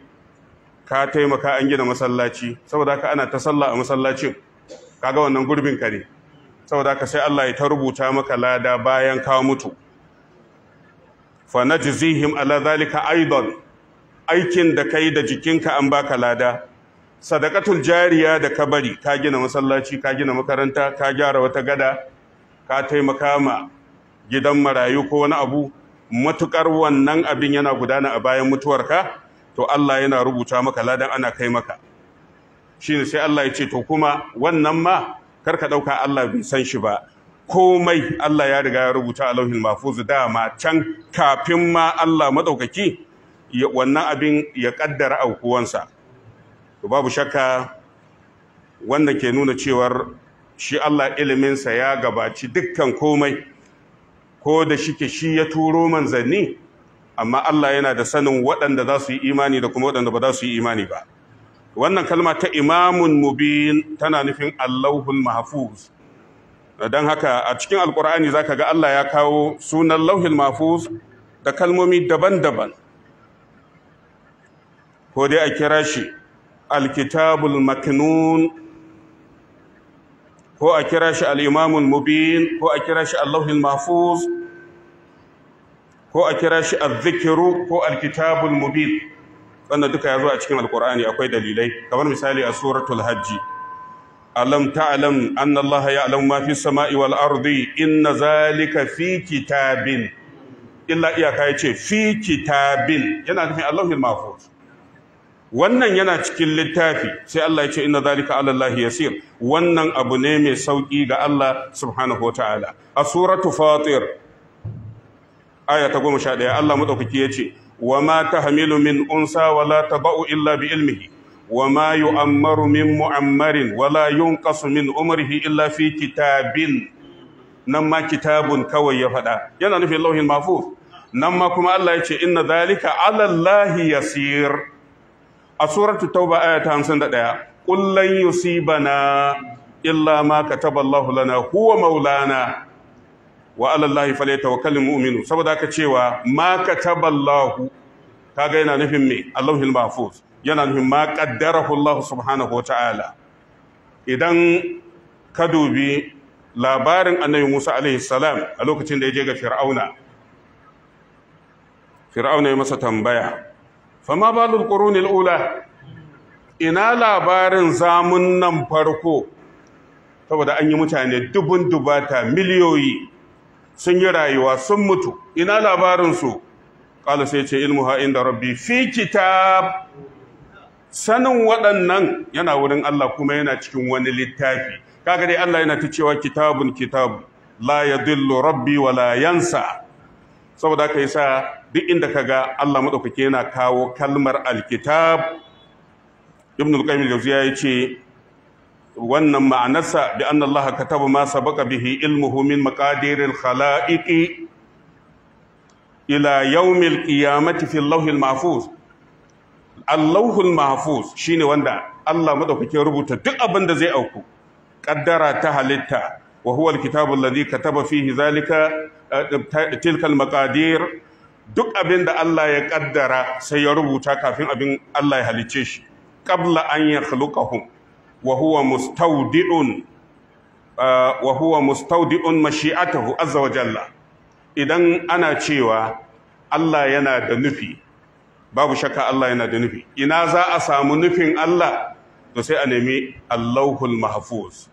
ka taimaka an gina masallaci saboda haka ana ta sallah a masallacin kaga wannan gurbin ka ne saboda ka sai Allah ya ta rubuta maka lada bayan ka mutu fa najzihim ala zalika aidan aikin da kai da jikinka an baka lada sadaqatul jariya da kabari ka gina masallaci ka gina makaranta ka gyara wata gada ka taimaka ma gidan marayu ko wani abu matukar wannan abin yana gudana a bayan mutuwarka to Allah yana rubuta maka ladan ana kai maka shine sai Allah ya ce to kuma wannan ma karka dauka Allah bai san shi ba komai Allah ya riga ya rubuta a lauhin mahfuz dama can kafin ma Allah madaukaki wannan abin ya kaddara aukuwansa to babu shakka wanda ke nuna cewar shi Allah iliminsa ya gabaci dukkan komai ko da shike shi ya turo manzanni amma Allah yana da sanin waɗanda za su yi imani da kuma waɗanda ba za su yi imani ba wannan kalma ta imamun mubin tana nufin allahun mahafuz don haka a cikin alkur'ani ka ga Allah ya kawo sunan Lauhin mahafuz da kalmomi daban-daban ko dai a kira shi alkitabul Makinun, ko a kira shi al’imamun mubin ko a kira shi allahun mahafuz ko a kira shi al ko alkitabul mubin wannan duka ya zo a cikin alkur'ani akwai dalilai kamar misali a suratul hajji alam ta'lam anna allah ya'lamu ma fi samai wal ardi inna zalika fi kitabin illa iyaka yace fi kitabin yana nufin allahul mahfuz wannan yana cikin littafi sai Allah ya ce inna zalika ala allah yasir wannan abu ne mai sauki ga Allah subhanahu ta'ala. a suratu fatir aya ta 11 Allah ya yace وما تحمل من أنثى ولا تضع إلا بإلمه وما يؤمر من مؤمر ولا ينقص من عمره إلا في كتاب نما كتاب كوي يفدا ينا نفي الله المحفوظ نما كما الله يتي إن ذلك على الله يسير سورة التوبة آية 51 قل لن يصيبنا إلا ما كتب الله لنا هو مولانا wa alallahi wakalin mu'minu saboda ka cewa ma kataballahu kaga yana nufin me Allahul mahfuz yana nufin ma qaddarahu Allah subhanahu idan ka dubi labarin annabi Musa alaihi salam a lokacin da ya je ga Fir'auna Fir'auna ya masa tambaya fama balul qurunil ula ina labarin zamun nan farko saboda an yi mutane dubun dubata miliyoyi sun yi rayuwa sun mutu ina labarinsu ƙala sai ce ilmu ha'in da rabbi fi kitab sanin waɗannan yana wurin Allah kuma yana cikin wani littafi kaga dai Allah yana ta cewa kitabun kitabu la dillo rabbi wa la yansa saboda yi sa duk inda ka ga, Allah maɗaukaki yana kawo kalmar alkitab ibn al-qayyim al-jawziya yace wannan ma'anarsa bi anna Allah kataba ma sabaqa bihi ilmuhu min maqadiril khalaiqi ila yawmil qiyamati fil lawhil mahfuz Allahul mahfuz shine wanda Allah madaukake rubuta duk abin da zai auku kaddara ta halitta wa huwa alkitabu alladhi kataba fihi zalika eh, tilka almaqadir duk abin da Allah ya kaddara sai ya rubuta kafin abin Allah ya halicce shi qabla an yakhluqahum wa mustaudi'un mustawdi'un uh, wa mashi'atahu azza wa idan ana cewa Allah yana da nufi babu shakka Allah yana da nufi ina za a samu nufin Allah to sai a nemi Allahul Mahfuz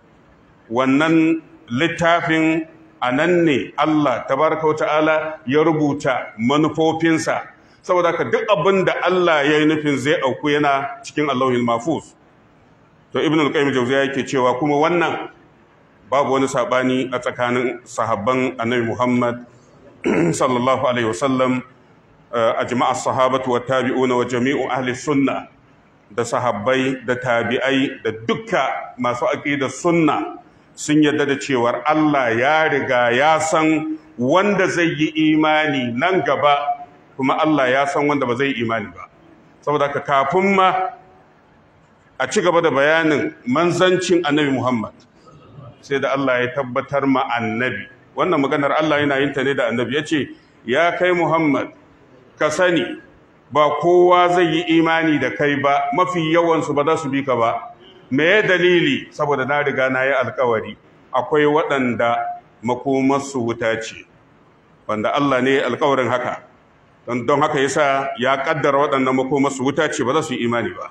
wannan littafin anan ne Allah tabaraka ta'ala ya rubuta manufofinsa saboda ka duk abin da Allah ya yi nufin zai auku yana cikin Allahul Mahfuz to ibn al-qayyim jawziya yake cewa kuma wannan babu wani sabani a tsakanin sahabban annabi Muhammad sallallahu alaihi wasallam eh, ajma'a sahabatu wa tabi'una wa jami'u ahli sunna da sahabbai da tabi'ai da dukka masu aqidar sunna sun yarda da cewa Allah ya riga ya san wanda zai yi imani nan gaba kuma Allah ya san wanda ba zai yi imani ba saboda ka kafin ma a ci gaba da bayanin manzancin annabi Muhammad sai da Allah ya tabbatar ma annabi wannan maganar Allah yana yin ta ne da annabi ya ce ya kai Muhammad ka sani ba kowa zai yi imani da kai ba mafi yawansu ba za su bi ka ba me dalili saboda na riga na yi alkawari akwai waɗanda makomarsu wuta ce wanda Allah ne alkawarin haka don haka yasa ya kaddara waɗannan makomarsu wuta ce ba za su yi imani ba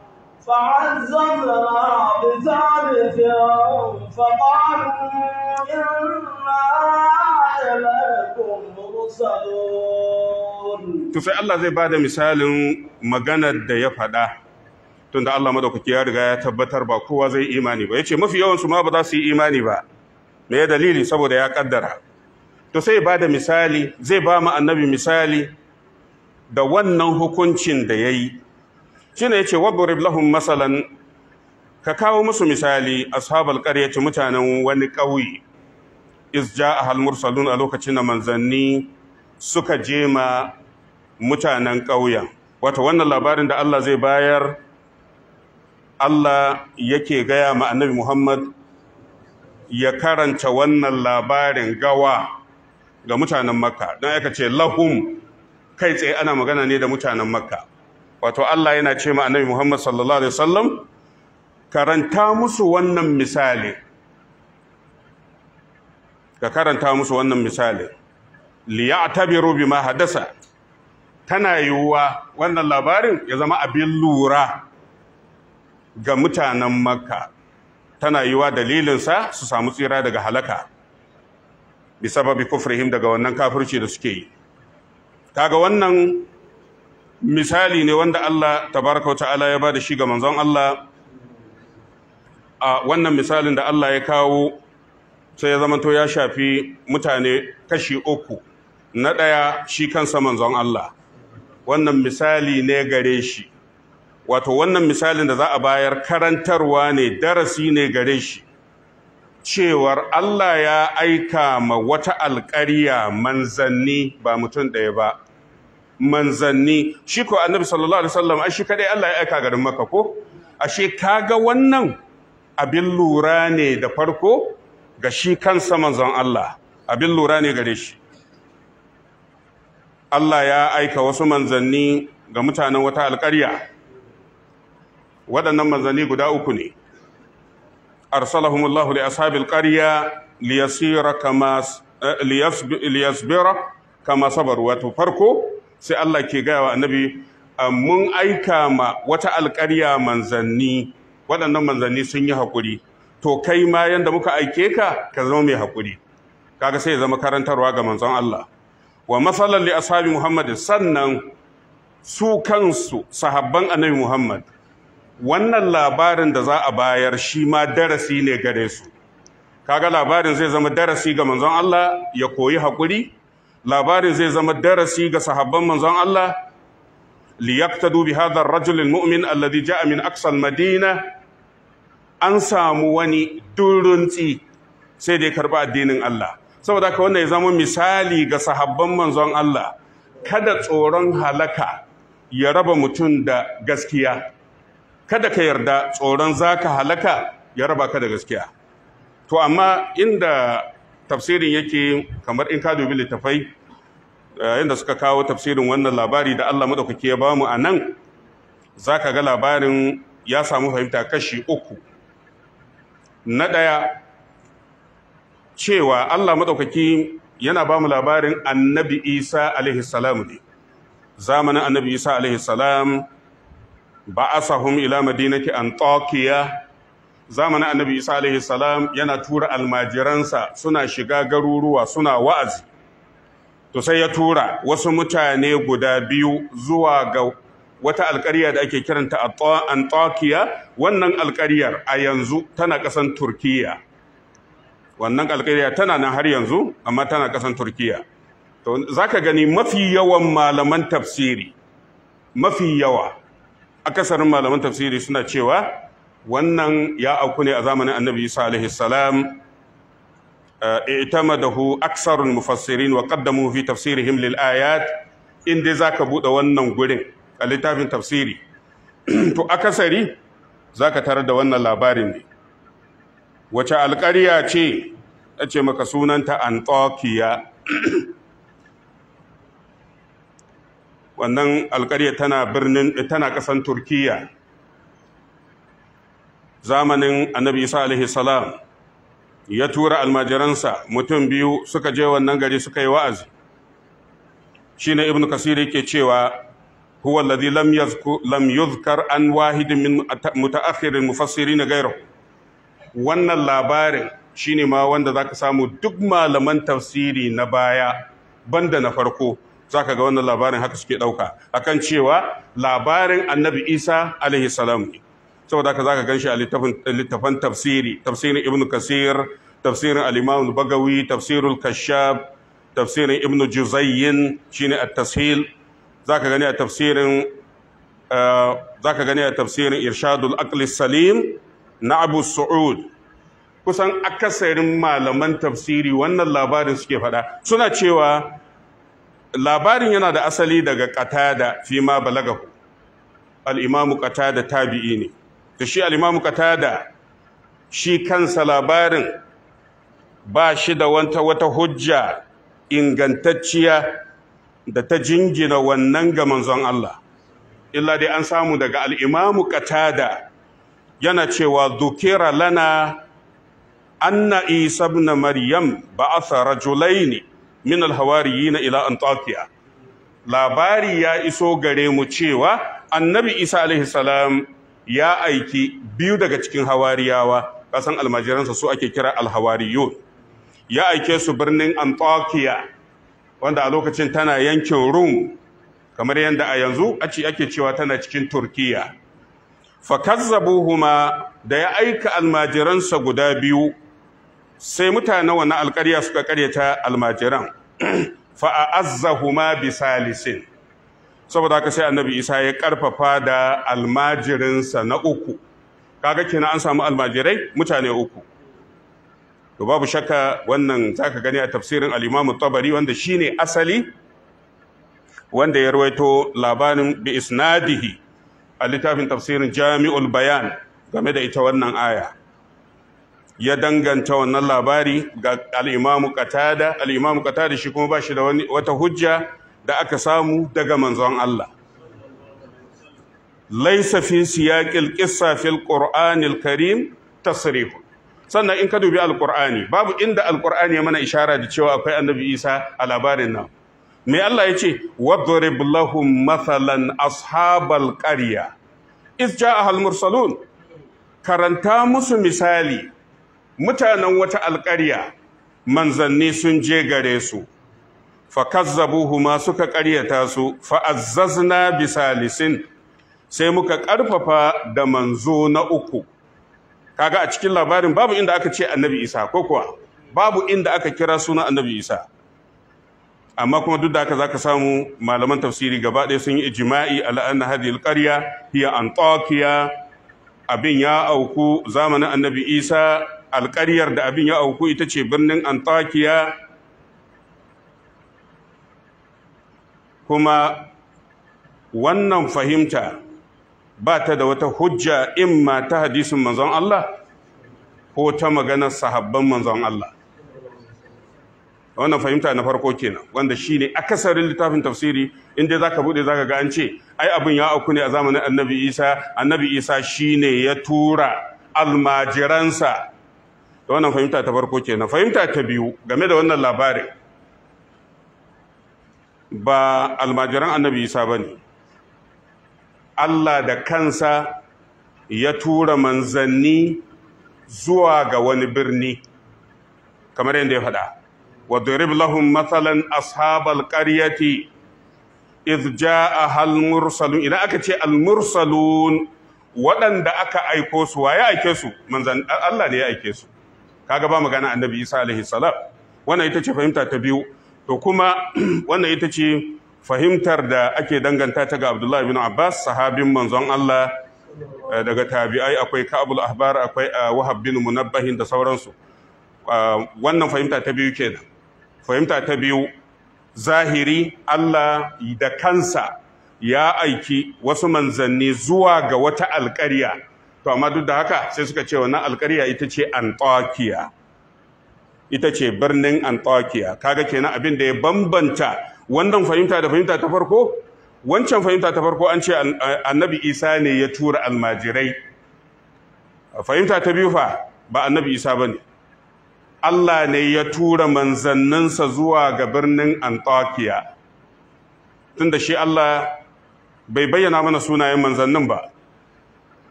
فعززنا بثالث فقالوا إنا إليكم مرسلون تفعل الله زي بعد مثال maganar da ya faɗa tunda Allah madaukaki ya riga ya tabbatar ba kowa zai imani ba yace mafi yawan su ma ba za su yi imani ba me ya dalili saboda ya kaddara to sai ba da misali zai ba mu annabi misali da wannan hukuncin da yayi shine yace wadrib lahum masalan ka kawo musu misali ashabal karyaci mutanen wani ƙauye iz ja'ahal mursalun a lokacin da manzanni suka je ma mutanen ƙauyen wato wannan labarin da Allah zai bayar Allah yake gaya ma annabi Muhammad ya karanta wannan labarin gawa ga mutanen makka don aka ce lahum kai tsaye ana magana ne da mutanen makka wato Allah yana ce ma annabi Muhammad sallallahu alaihi wasallam karanta musu wannan misali ka karanta musu wannan misali liya'tabiru bima hadasa tana yiwuwa wannan labarin ya zama abin lura ga mutanen Makka tana yiwuwa dalilinsa su samu tsira daga halaka bisababi kufrihim daga wannan kafirci da suke yi kaga wannan misali ne wanda Allah tabaraka wa ta'ala ya bada shi ga manzon Allah a wannan misalin da Allah ya kawo sai ya zamanto ya shafi mutane kashi uku na ɗaya shi kansa manzon Allah wannan misali ne gare shi wato wannan misalin da za a bayar karantarwa ne darasi ne gare shi cewar Allah ya aika ma wata alƙarya manzanni ba mutum ɗaya ba manzanni shi ko annabi sallallahu alaihi wasallam ai shi kadai Allah ya aika garin Makka ko ashe kaga wannan abin lura ne da farko ga shi kansa manzon Allah abin lura ne gare shi Allah ya aika wasu manzanni ga mutanen wata alƙarya waɗannan manzanni guda uku ne Allah li ashabil qarya yasira kama eh, yasbira kama sabaru wato farko sai Allah ke gaya wa annabi ah, mun aika ma wata alƙarya manzanni waɗannan manzanni sun yi haƙuri to kai ma yanda muka aike ka ka zama mai haƙuri kaga sai ya zama karantarwa ga manzon Allah wa matsalar li ashabi Muhammad sannan su kansu sahabban annabi Muhammad wannan labarin da za a bayar shi ma darasi ne gare su kaga labarin zai zama darasi ga manzon Allah ya koyi haƙuri labarin zai zama darasi ga sahabban manzon Allah yaktadu bi hadha ar-rajul al-mu'min alladhi ja'a min aqsa al-madina an samu wani durunci sai dai karba addinin Allah saboda haka wannan ya zama misali ga sahabban manzon Allah kada tsoron halaka ya raba mutum da gaskiya kada ka yarda tsoron zaka halaka ya raba ka da gaskiya to amma inda tafsirin yake kamar in ka dubi littafai yadda eh, suka kawo tafsirin wannan labari da Allah madaukake ya bamu a nan za ka ga labarin ya samu fahimta kashi uku na ɗaya cewa Allah Maɗaukaki yana bamu labarin annabi isa alaihi salamu ne zamanin annabi isa alaihi salam ba asahum ila madinati antakiya zamanin annabi isa alaihi salam yana tura almajiransa suna shiga garuruwa suna wa'azi to sai ya tura wasu mutane guda biyu zuwa ga wata alƙarya da ake kiranta antakiya wannan alƙaryar a yanzu tana ƙasan turkiya wannan alƙarya tana nan har yanzu amma tana ƙasan turkiya to za ka gani mafi yawan malaman tafsiri mafi yawa akasarin malaman tafsiri suna cewa wannan ya auku ne a zamanin annabi isa alaihi salam eh, i'tamadahu aksarun mufassirin wa qaddamu fi tafsirihim lil ayat in dai zaka bude wannan gurin a littafin tafsiri to akasari zaka tarar da wannan labarin ne wace alƙarya ce ta ce maka sunanta antokiya wannan alƙarya tana birnin tana ƙasan turkiya zamanin annabi isa alaihi salam ya tura almajiransa mutum biyu suka je wannan gari suka yi wa'azi shine ibnu kasir yake cewa huwa alladhi lam yadhkur lam yudhkar an wahidin min mutaakhirin mufassirin ghayru wannan labarin shine ma wanda zaka samu duk malaman tafsiri na baya banda na farko zaka ga wannan labarin haka suke dauka akan cewa labarin annabi isa alaihi salam ne saboda ka zaka ganshi a littafan tafsiri tafsirin ibnu kasir tafsirin al-imam al-bagawi tafsirul kashab tafsirin ibnu juzayyin shine at-tashil zaka gani a tafsirin eh, zaka gani a tafsirin irshadul aqli salim na abu su'ud kusan akasarin malaman tafsiri wannan labarin suke faɗa suna cewa labarin yana da asali daga qatada fi ma balagahu al-imamu qatada tabi'i ne da shi al'imamu katada shi kansa labarin ba shi da wata wata hujja ingantacciya da ta jingina wannan ga manzon Allah illa dai an samu daga al'imamu katada yana cewa dukira lana anna isa ibn maryam ba'atha rajulaini min alhawariyina ila antakiya labari ya iso gare mu cewa annabi isa alaihi salam ya aiki biyu daga cikin hawariyawa kasan almajiransa su ake kira alhawariyun ya aike su birnin antakiya wanda a lokacin tana yankin rum kamar yadda a yanzu a aci ake cewa tana cikin turkiya fakazzabuhuma da ya aika almajiransa guda biyu sai mutane wannan alƙarya suka ƙaryata almajiran fa'azzahuma bisalisin saboda haka sai annabi isa ya karfafa da almajirinsa na uku kaga kenan an samu almajirai mutane uku to babu shakka wannan zaka gani a tafsirin al-imam tabari wanda shine asali wanda ya rawaito labarin bi isnadihi a littafin tafsirin jami'ul bayan game da ita wannan aya ya danganta wannan labari ga al-imam qatada al-imam qatada shi kuma bashi da wata hujja da aka samu daga manzon Allah laisa fi siyaqil qissa fil qur'anil karim sannan in ka dubi Alƙur'ani, babu inda Alƙur'ani ya mana ishara da cewa akwai annabi Isa a labarin nan me Allah ya ce wadrib lahum matsalan ashabal qarya iz a mursalun karanta musu misali mutanen wata alƙarya manzanni sun je gare su fakazzabuhuma suka ƙaryata su fa'azzazna bisalisin sai muka ƙarfafa da manzo na uku kaga a cikin labarin babu inda aka ce annabi isa ko kuwa babu inda aka kira suna annabi isa amma kuma duk da aka zaka samu malaman tafsiri gaba ɗaya sun yi ijma'i ala anna hadhihi alqarya hiya antakiya abin ya auku zamanin annabi isa alƙaryar da abin ya auku ita ce birnin antakiya kuma wannan fahimta ba ta da wata hujja in ma ta hadisin manzon Allah ko ta maganar sahabban manzon Allah wannan fahimta na farko kenan wanda shi a akasarin littafin tafsiri inda zaka bude zaka ga an ce ai abin ya auku ne a zamanin Annabi Isa Annabi Isa shi ne ya tura almajiransa wannan fahimta ta farko kenan fahimta ta biyu game da wannan labarin ba almajiran annabi isa ba ne allah da kansa ya tura manzanni zuwa ga wani birni kamar yadda ya faɗa wadrib lahum matsalan ashabal ƙaryati iz ja'a hal mursalun idan aka ce al-mursalun waɗanda aka aiko su waye aike su manzan Allah ne ya aike su kaga ba magana annabi Isa alaihi salam wannan ita ce fahimta ta biyu to kuma wannan ita ce fahimtar da ake danganta ta ga Abdullahi bin Abbas sahabin manzon Allah eh, daga tabi'ai akwai Ka'bul Ahbar akwai eh, Wahab bin Munabbahin da sauransu ah, wannan fahimta ta biyu kenan fahimta ta biyu zahiri Allah da kansa ya aiki wasu manzanni zuwa ga wata alkarya to amma duk da haka sai suka ce wannan alkarya ita ce Antakiya ita ce birnin Antakiya kaga kenan abin da ya bambanta wannan fahimta da fahimta ta farko wancan fahimta ta farko an ce annabi Isa ne ya tura almajirai fahimta ta biyu fa ba annabi Isa ba ne. Allah ne ya tura manzanninsa zuwa ga birnin Antakiya tunda shi Allah bai bayyana mana sunayen manzannin ba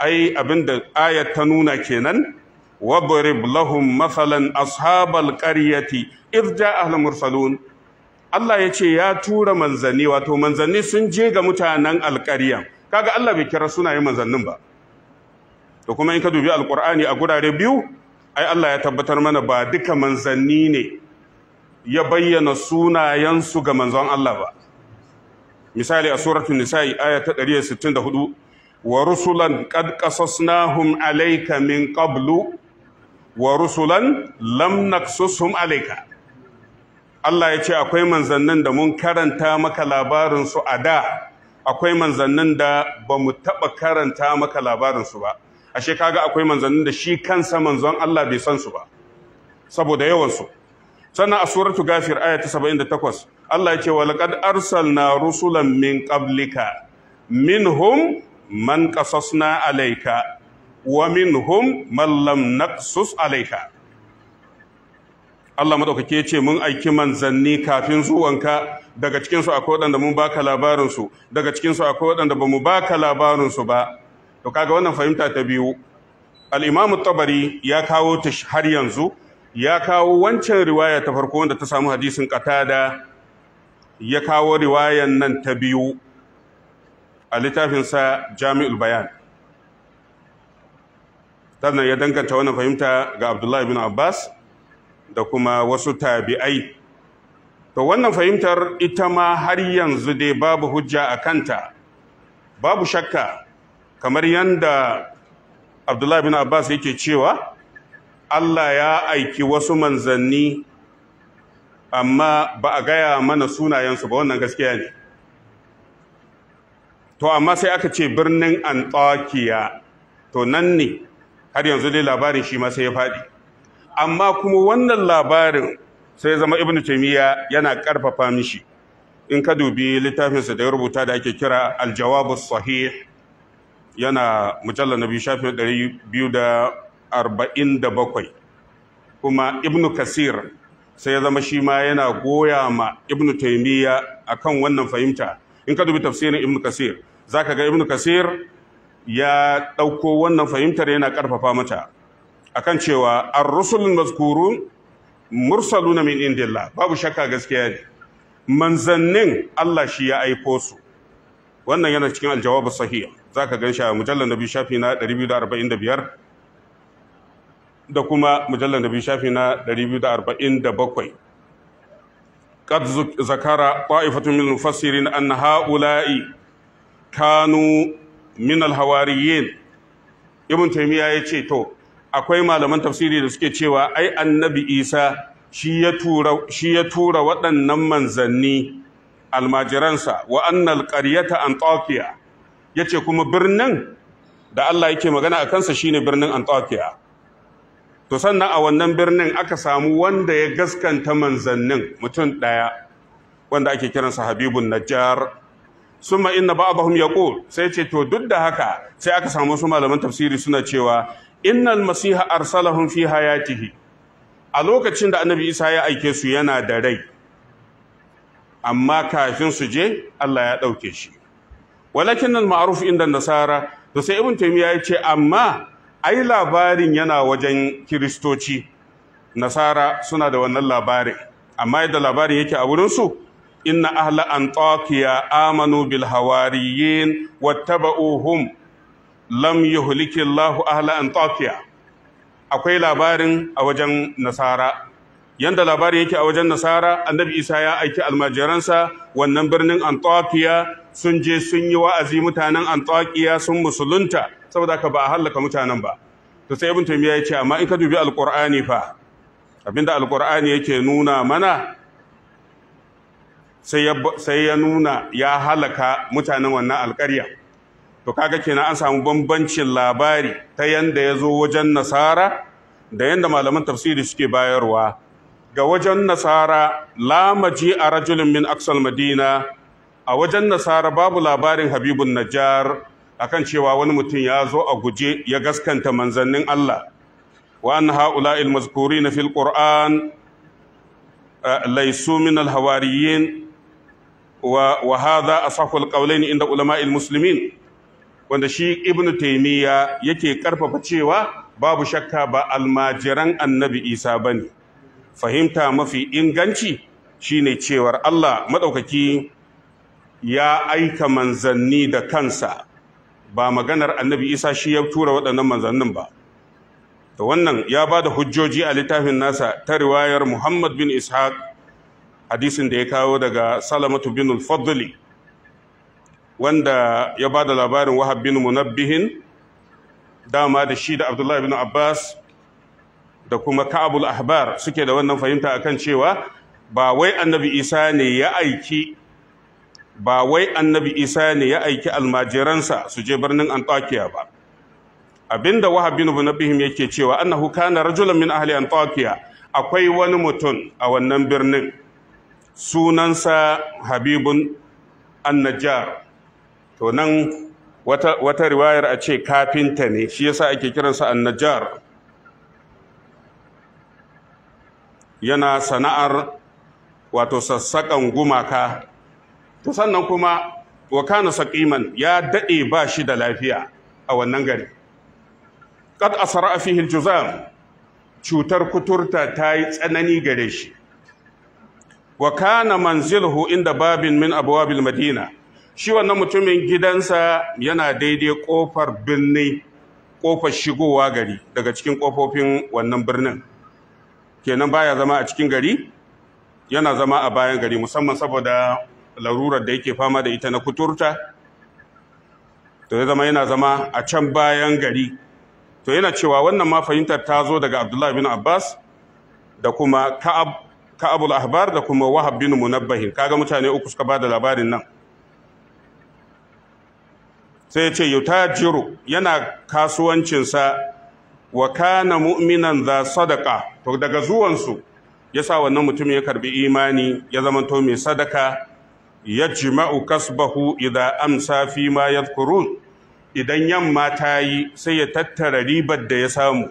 ai abin da ayat ta nuna kenan واضرب لهم مثلا أصحاب القرية إذ جاء أهل المرسلون Allah ya ce ya tura manzanni wato manzanni sun je ga mutanen alƙarya kaga Allah bai kira sunayen manzannin ba to kuma in ka dubi alƙur'ani a gurare biyu ai Allah ya tabbatar mana ba duka manzanni ne ya bayyana sunayensu ga manzon Allah ba misali a suratul nisa'i aya ta 164 wa rusulan qad qasasnahum alayka min wa rusulan lam naqsusum alayka Allah ya ce akwai manzannin da mun karanta maka labarin su a da akwai manzannin da bamu mu taɓa karanta maka labarin su ba ashe kaga akwai manzannin da shi kansa manzon Allah bai san su ba saboda yawan su sannan a suratu gafir aya ta 78 Allah ya ce wa laqad arsalna rusulan min qablika minhum man qasasna alayka wa minhum man lam naqsus alaiha Allah madaukake ce mun aiki manzanni kafin zuwanka daga cikin su akwai waɗanda mun baka labarin su daga cikin su akwai waɗanda bamu baka labarinsu ba to kaga wannan fahimta ta biyu al-Imam tabari ya kawo ta har yanzu ya kawo wancan riwaya ta farko wanda ta samu hadisin Qatada ya kawo riwayan nan ta biyu a littafin sa Jami'ul Bayan sannan ya danganta wannan fahimta ga abdullahi bin abbas da kuma wasu tabi'ai to wannan fahimtar ita ma har yanzu dai babu hujja a kanta babu shakka kamar yadda abdullahi bin abbas yake cewa allah ya aiki wasu manzanni amma ba a gaya mana sunayensu ba wannan gaskiya ne to amma sai aka ce birnin antakiya to nan ne har yanzu dai labarin shi ma sai ya faɗi amma kuma wannan labarin sai zama ibn taymiya yana karfafa mishi in ka dubi littafinsa da ya rubuta da ake kira aljawabu sahih yana mujallar na biyu shafin ɗari biyu da arba'in da bakwai kuma ibn kasir sai ya zama shi ma yana goya ma ibn taymiya akan wannan fahimta in ka dubi tafsirin ibn kasir zaka ga ibn kasir ya ɗauko wannan fahimtar yana ƙarfafa mata akan cewa an rusulun rusulul mursalu na min indillah babu shakka gaskiya ne manzannin Allah shi ya aiko su wannan yana cikin aljawabu sahiya gan ganshi a mujallal nabi shafi na 245 da kuma mujallal nabi shafi na 247 قد ذكر طائفة من المفسرين أن هؤلاء كانوا min alhawariyin ibn taimiyya ya ce to akwai malaman tafsiri da suke cewa ai annabi isa shi ya tura waɗannan manzanni almajiransa wa annal qaryata antakiya ce kuma birnin da Allah yake magana a kansa shine birnin antakiya to sannan a wannan birnin aka samu wanda ya gaskanta manzannin mutum ɗaya wanda ake kiransa habibun najjar summa inna ba'dahum yaqul sai ce to duk da haka sai aka samu su malaman tafsiri suna cewa innal masiha arsalahum fi hayatihi a lokacin da annabi isa ya aike su yana da rai amma kafin su je Allah ya dauke shi walakin nan ma'ruf inda nasara to sai ibn taymiya ya ce amma ai labarin yana wajen kiristoci nasara suna da wannan labarin amma yadda labarin yake a wurin su inna ahla antakiya amanu bil hawariyin wattaba'uhum lam yuhliki Allah ahla antakiya akwai labarin a wajen nasara yanda labarin yake a wajen nasara annabi isa ya aiki almajiransa wannan birnin antakiya sun je sun yi wa'azi mutanen antakiya sun musulunta saboda ka ba a hallaka mutanen ba to sai ibn taymiya ya ce amma in ka dubi alqur'ani fa abinda alqur'ani yake nuna mana sai ya nuna ya halaka mutanen wannan alkarya to kaga kenan an samu bambancin labari ta yanda ya zo wajen nasara da yanda malaman tafsiri suke bayarwa ga wajen nasara lamaji a rajulun min aksal madina a wajen nasara babu labarin habibun najjar akan cewa wani mutum ya zo a guje ya gaskanta manzannin Allah wa an ilmazkuri na fil qur'an laisu min alhawariyin hawariyin wa hadha asahul qawlaini inda ulama'il musulmin wanda shi ibn Taymiya yake karfafa cewa babu shakka ba almajiran annabi isa ba ne fahimta mafi inganci shine cewar allah maɗaukaki ya aika manzanni da kansa ba maganar annabi isa shi ya tura waɗannan manzannin ba da wannan ya ba da hujjoji a littafin nasa ta riwayar muhammad bin ishaq hadisin da ya kawo daga salamatu bin al-fadli wanda ya ba da labarin wahab bin munabbihin dama da shi da abdullahi bin abbas da kuma ka'abul ahbar suke da wannan fahimta akan cewa ba wai annabi isa ne ya aiki ba wai annabi isa ne ya aiki almajiransa su je birnin antakiya ba abinda wahab bin munabbihin yake cewa annahu kana rajulan min ahli antakiya akwai wani mutum a wannan birnin sunansa habibun annajar to nan wata, riwayar a ce kafinta ne shi yasa ake kiransa annajar yana sana'ar wato sassaƙan gumaka Ta sannan kuma wa kana ya daɗe ba shi da lafiya a wannan gari ƙad asra a fihin cutar kuturta ta yi tsanani gare shi wa kana manzilhu inda babin min abwabil madina shi wannan mutumin gidansa yana daidai kofar birni kofar shigowa gari daga cikin kofofin wannan birnin kenan baya zama a cikin gari yana zama a bayan gari musamman saboda larurar da yake fama da ita na kuturta to ya zama yana zama a can bayan gari to yana cewa wannan ma fahimtar ta zo daga abdullahi bin abbas da kuma ka'ab ka'abul ahbar da kuma wahab bin munabbahin kaga mutane uku suka bada labarin nan sai ya ce yutajiru yana kasuwancinsa wa kana mu'minan za sadaka to daga zuwansu ya sa wannan mutum ya karbi imani ya zama zamanto mai sadaka ya jima'u kasbahu idan amsa fi ma yadhkurun idan yamma ta yi sai ya tattara ribar da ya samu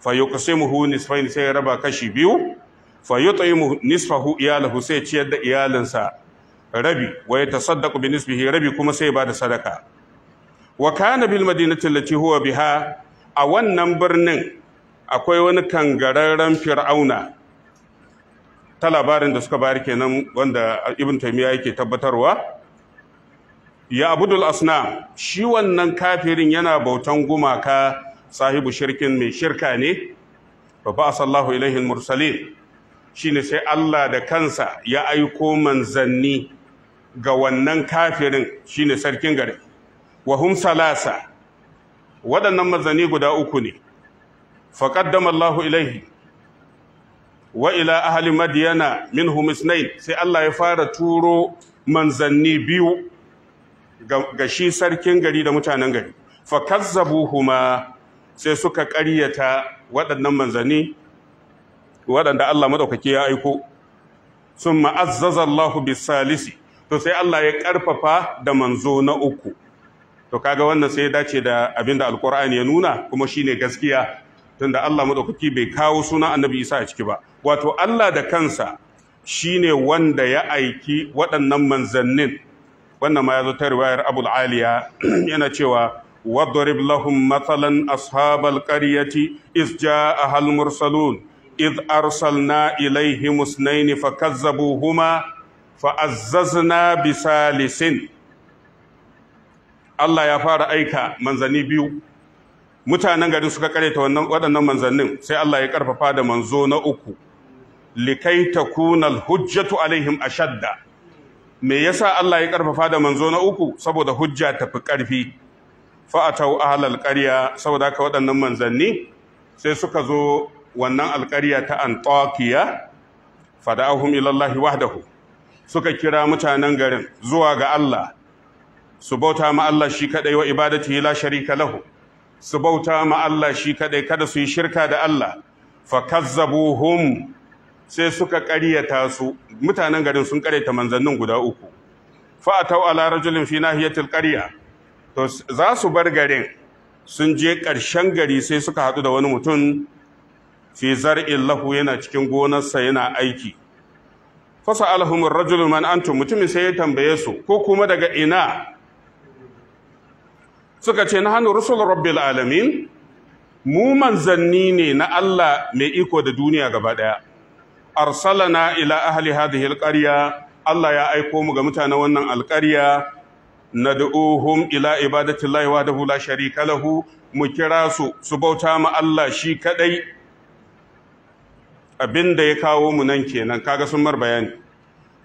fa yuqsimuhu nisfayn sai ya raba kashi biyu fa yut'imu nisfahu iyalahu sai ciyar da iyalinsa rabi wa yatasaddaqu bi nisfihi rabi kuma sai ba da sadaka wa kana bil madinati allati huwa biha a wannan birnin akwai wani kangararren fir'auna ta labarin da suka bayar kenan wanda ibn taymiya yake tabbatarwa ya abudul asnam shi wannan kafirin yana bautan gumaka sahibu shirkin mai shirka ne fa ba sallahu ilaihi mursalin shine sai Allah da kansa ya aiko manzanni ga wannan kafirin shine sarkin gari wa salasa waɗannan manzanni guda uku ne faqaddama Allahu ilaihi wa ila ahli madyana minhum isnayn sai Allah ya fara turo manzanni biyu ga shi sarkin gari da mutanen gari fa kazzabuhuma sai suka ƙaryata waɗannan manzanni waɗanda Allah madaukaki ya aiko sun ma'azzaza Allah Salisi? to sai Allah ya ƙarfafa da manzo na uku to kaga wannan sai ya dace da abinda alkur'ani ya nuna kuma shine gaskiya tunda Allah madaukaki bai kawo suna annabi Isa a ciki ba wato Allah da kansa shine wanda ya aiki waɗannan manzannin wannan ma yazo ta riwayar Abul Aliya yana cewa wadrib لهم مثلا ashabal القرية isja ahal mursalun إذ أرسلنا إليهم اثنين فكذبوهما فعززنا بثالث Allah ya fara aika manzanni biyu mutanen garin suka kareta wannan waɗannan manzannin sai Allah ya karfafa da manzo na uku likai takuna hujjatu alaihim ashadda me yasa Allah ya karfafa da manzo na uku saboda hujja tafi karfi fa atau ahlal qarya saboda haka waɗannan manzanni sai suka zo wannan alƙarya ta antakiya fada'ahum ilallahi wahdahu suka kira mutanen garin zuwa ga Allah su bauta ma Allah shi kadai wa ibadatihi la sharika lahu su bauta ma Allah shi kadai kada su yi shirka da Allah fa kazzabuhum sai suka ƙaryata su mutanen garin sun ƙaryata manzannin guda uku fa atau ala rajulin fi nahiyatil qarya to za su bar garin sun je ƙarshen gari sai suka haɗu da wani mutum fi zar'in lahu yana cikin gonarsa yana aiki fasa alhumar rajulun man antum mutumin sai ya tambaye su ko kuma daga ina suka ce na hannu rusul rabbil alamin mu manzanni ne na Allah mai iko da duniya gaba daya arsalana ila ahli hadhihi alqarya Allah ya aiko mu ga mutanen wannan alqarya nad'uhum ila ibadati llahi wahdahu la sharika lahu mu kira su su bauta ma Allah shi kadai abin da ya kawo mu nan kenan kaga sun mar bayani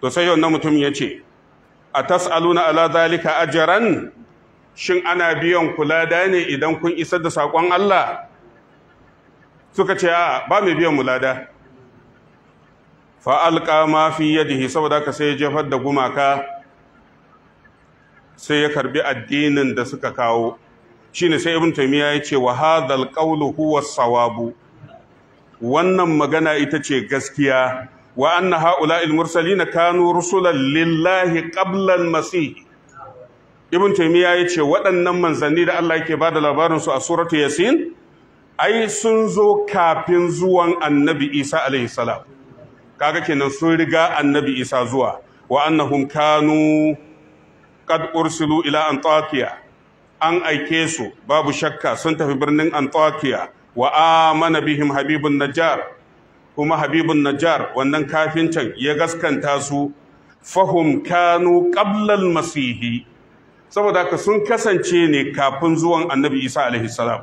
to sai wannan mutum ya ce a tas'aluna ala zalika ajran shin ana biyan kula da ne idan kun isar da sakon Allah suka ce a ba mai biyan mu lada fa alqa ma fi yadihi saboda ka sai ya jefar da gumaka sai ya karbi addinin da suka kawo shine sai ibn taymiya ya ce wa hadhal qawlu huwa sawabu wannan magana ita ce gaskiya wa anna ha'ula'il na kanu rusulan lillahi ƙablan Masihi. Ibn taimiyya ya ce waɗannan manzanni da Allah yake bada da labarinsu a suratu yasin ai sun zo kafin zuwan annabi Isa alaihi salam kaga kenan sun riga annabi Isa zuwa wa annahum kanu qad ursilu ila antakiya an aike su babu shakka sun tafi birnin antakiya wa amana bihim habibun najjar kuma habibun najjar wannan kafintan ya gaskanta su fahum kanu qablal masihi saboda haka sun kasance ne kafin zuwan annabi isa alaihi salam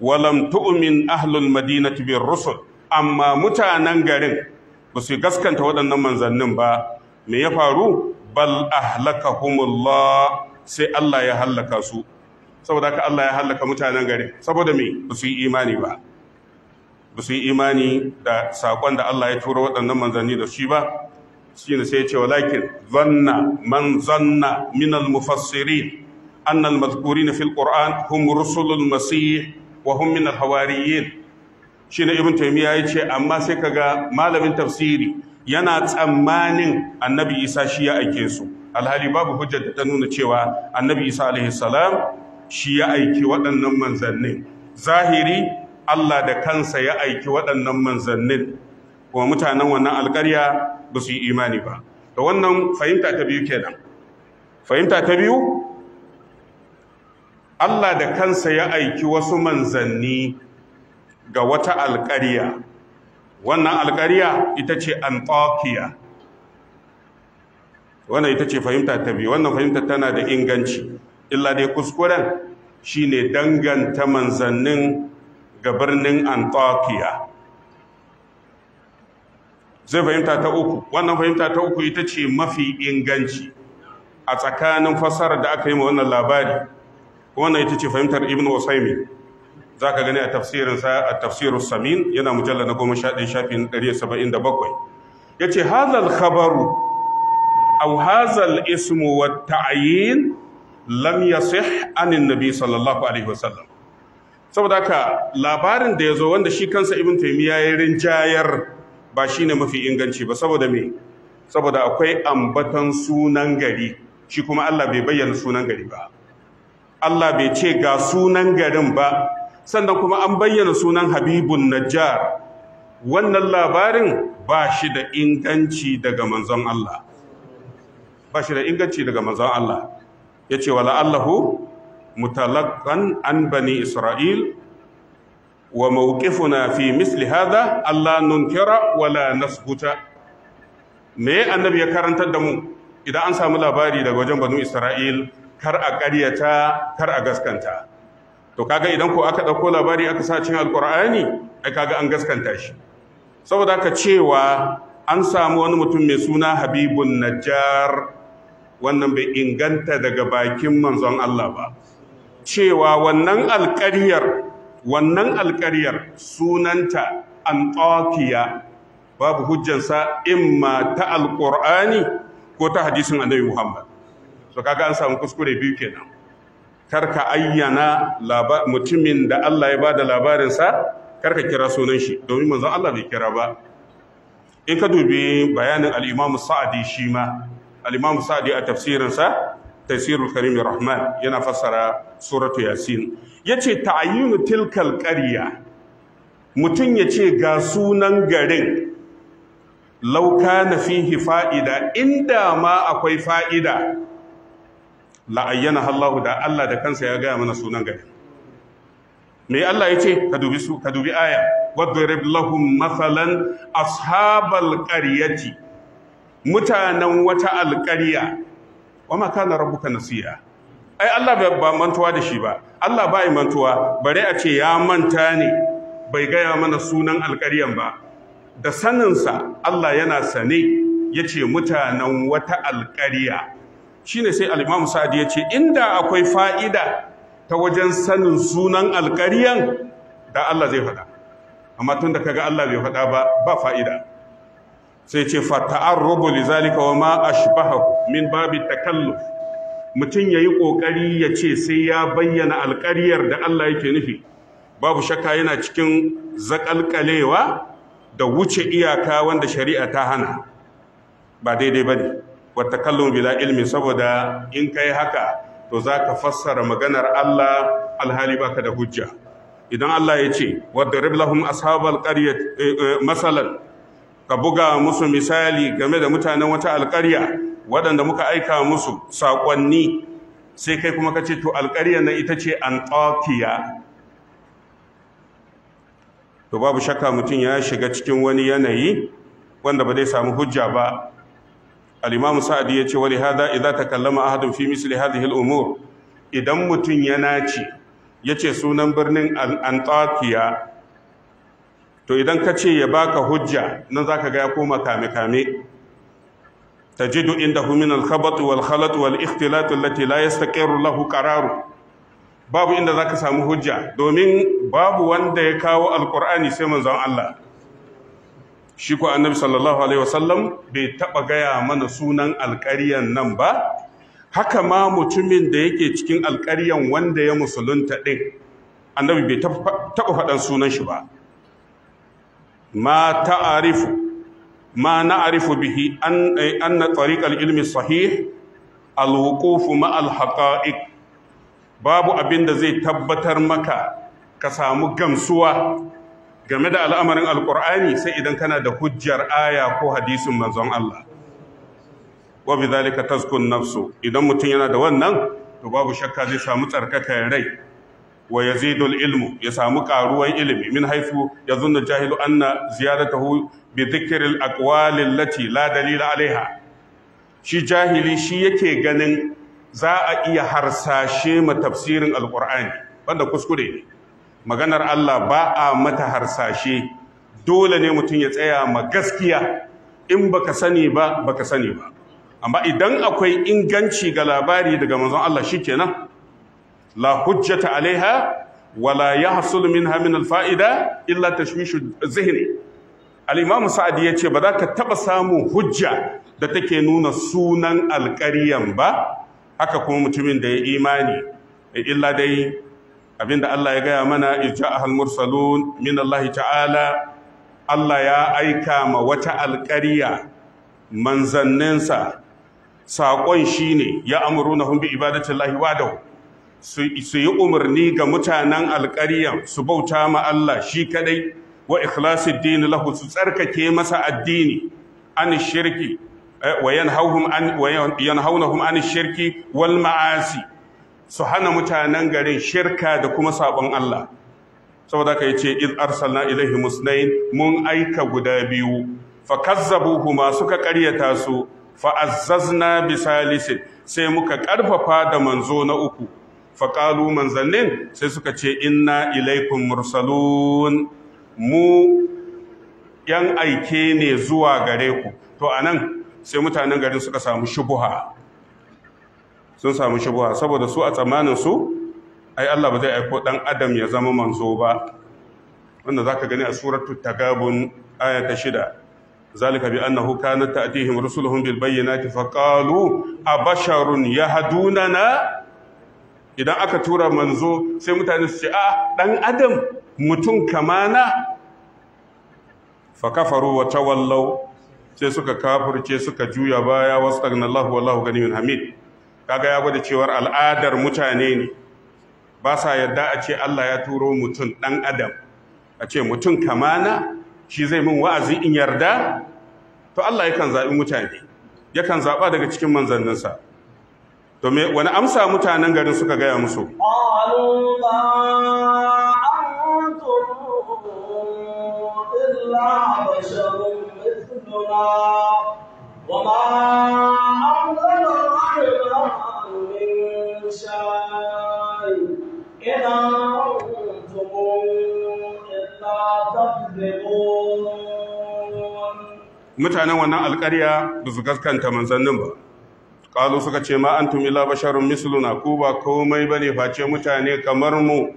walam tu'min ahlul madinati bir rusul amma mutanen garin ba su gaskanta waɗannan manzannin ba me ya faru bal ahlakahumullah sai Allah ya hallaka su saboda ka Allah ya hallaka mutanen gari saboda me ba su yi imani ba ba su yi imani da sakon da Allah ya turo waɗannan manzanni da shi ba shine sai ce walakin zanna man zanna min al-mufassirin anna al-madhkurin fi al-qur'an hum rusulul masih wa hum min al-hawariyin shine ibn taymiya ya ce amma sai kaga malamin tafsiri yana tsammanin annabi isa shi ya aike su alhali babu hujjar da ta nuna cewa annabi isa alaihi salam shi ya aiki waɗannan manzannin zahiri Allah da kansa ya aiki waɗannan manzannin kuma mutanen wannan alƙarya ba su yi imani ba da wannan fahimta ta biyu kenan fahimta ta biyu Allah da kansa ya aiki wasu manzanni ga wata alƙarya wannan alƙarya ita ce antakiya wannan ita ce fahimta ta biyu wannan fahimta tana da inganci illa dai kuskuren ne danganta manzannin ga birnin antakiya zai fahimta ta uku wannan fahimta ta uku ita ce mafi inganci a tsakanin fasarar da aka yi ma wannan labari wannan ita ce fahimtar ibn Wasaimi, za ka gani a tafsirinsa a tafsirin samin yana mujallar na goma sha ɗin shafin 177 ya ce hazal khabaru au hazal ismu wa ta'ayin lam yasih anin nabi sallallahu alaihi wasallam saboda ka labarin da ya zo wanda shi kansa ibn taymiya ya rinjayar ba shine mafi inganci ba saboda me saboda akwai ambatan sunan gari shi kuma Allah bai bayyana sunan gari ba Allah bai ce ga sunan garin ba sannan kuma an bayyana sunan habibun najjar wannan labarin ba shi da inganci daga manzon Allah ba shi da inganci daga manzon Allah ya ce wala allahu an bani isra'il wa mawqifuna fi misli hada allah nunkira wala nasbuta me annabi ya karantar da mu idan an samu labari daga wajen banu isra'il kar a ƙaryata kar a gaskanta to kaga idan ko aka ɗauko labari aka sa cin alƙur'ani ai kaga an gaskanta shi saboda haka cewa an samu wani mutum mai suna habibun najjar wannan bai inganta daga bakin manzon Allah ba cewa wannan alƙaryar wannan alƙaryar sunanta antakiya babu hujjansa imma ta alƙur'ani ko ta hadisin annabi Muhammad so kaga an samu kuskure biyu kenan karka ayyana mutumin da Allah ya bada labarinsa karka kira sunan shi domin manzon Allah bai kira ba in ka dubi bayanin al-Imam Sa'di shi ma al-imam sa'di a tafsirinsa tafsirul karim rahman yana fassara suratu yasin yace ta'ayyunu tilkal Mutum ya yace ga sunan garin lauka kana fihi fa'ida inda ma akwai fa'ida la ayyana Allah da Allah da kansa ya gaya mana sunan garin me Allah yace ka dubi ka dubi aya wadrib lahum Masalan, ashabal ƙaryati mutanen wata alƙariya wa ma na rabuka nasiya ai Allah ba mantuwa da shi ba Allah ba mantuwa bare a ce ya manta ne bai gaya mana sunan alƙariyan ba da sanin sa Allah yana sane yace mutanen wata alƙariya shine sai al-Imam Sa'di ce inda akwai fa'ida ta wajen sanin sunan alƙariyan da Allah zai faɗa amma tun da kaga Allah bai faɗa ba ba fa'ida sai ce fata'arrubu li zalika wa ma ashbahu min babi takalluf mutum yayi kokari ya ce sai ya bayyana alƙaryar da Allah yake nufi babu shakka yana cikin zakalkalewa da wuce iyaka wanda shari'a ta hana ba daidai bane wa takallum bila ilmi saboda in kai haka to zaka fassara maganar Allah alhali baka da hujja idan Allah ya ce wadda lahum ashabal qaryat eh, eh, masalan ka buga musu misali game da mutanen wata alƙarya waɗanda muka aika musu saƙonni sai kai kuma ka ce to alƙaryar na ita ce an antakiya to babu shakka mutum ya shiga cikin wani yanayi wanda ba zai samu hujja ba Alimamu sa'adi ya ce wani hada ta takallama ahadun fi misali hada hil umur idan mutum ya naci yace sunan birnin an antakiya to idan ka ce ya baka hujja nan zaka ga ya koma kame kame تجد عنده من الخبط والخلط والاختلاط التي لا يستقر lahu ƙararu. babu inda zaka samu hujja domin babu wanda ya kawo alkur'ani sai manzon Allah shi ko annabi sallallahu alaihi wasallam bai taɓa gaya mana sunan alƙaryan nan ba haka ma mutumin da yake cikin alƙaryan wanda ya musulunta ɗin, annabi bai taɓa faɗan sunan shi ba ma ta'arifu ما نعرف به أن, ilmi طريق العلم ma الوقوف Babu abin da zai tabbatar maka ka samu gamsuwa game da al'amarin alƙur'ani sai idan kana da hujjar aya ko hadisin manzon Allah wa bi zalika tazkun nafsu idan mutum yana da wannan to babu shakka zai samu tsarkakar rai wa yazidul ilmu ya samu karuwan ilimi min haifu ya zunna jahilu anna ziyaratahu bi dhikril aqwali allati la dalila alaiha shi jahili shi yake ganin za a iya harsashe ma tafsirin Alƙur'ani. Banda kuskure ne maganar Allah ba a mata harsashe dole ne mutum ya tsaya ma gaskiya in baka sani ba baka sani ba amma idan akwai inganci ga labari daga manzon Allah shikenan la hujjata alaiha wala yahsul minha min alfa'ida illa tashwishu zihni al-imam ya ce, ba za ka taɓa samun hujja da take nuna sunan alƙaryan ba haka kuma mutumin da ya imani illa dai abinda Allah ya gaya mana irja'ahal mursalun min Allah ta'ala Allah ya aika ma wata alƙarya manzanninsa saƙon shine ya amurunahum bi ibadatillahi wadahu su yi umarni ga mutanen alƙaryan su bauta ma Allah shi kadai wa ikhlasid din lahu su tsarkake masa addini an shirki eh, wa yanhawhum an wa yanhawnahum an shirki wal ma'asi su hana mutanen garin shirka da kuma sabon Allah saboda ka yace iz arsalna ilaihi musnain mun aika guda biyu fa kazzabuhuma suka ƙaryata su fa azzazna bisalisin sai muka ƙarfafa da manzo na uku faƙalu manzannin sai suka ce inna ilaikun mursalun mu ‘yan aike ne zuwa gare ku to a nan sai mutanen garin suka samu shubuha sun samu shubuha saboda su a tsammanin su ai Allah ba zai aiko ɗan adam ya zama manzo ba wanda za ka gani a suratu tagabun ayata shida ذلك بأنه كانت تأتيهم رسلهم بالبينات فقالوا أبشر يهدوننا idan aka tura manzo sai mutane su ce a ah, dan adam mutum kamana fa kafaru wa tawallau sai suka kafurce suka juya baya wasu wastagnallahu wallahu ganiyun hamid kaga ya gwada cewar al'adar mutane ne ba sa yadda a ce Allah ya turo mutum ɗan adam a ce mutum kamana shi zai min wa'azi in yarda to Allah yakan zaɓi mutane yakan zaɓa daga cikin manzanninsa to me wani amsa mutanen garin suka gaya musu mutanen wannan alƙarya ba su gaskanta manzannin ba ƙalu suka ce ma an tumila basharun misluna ku ba komai ba ne face mutane kamar mu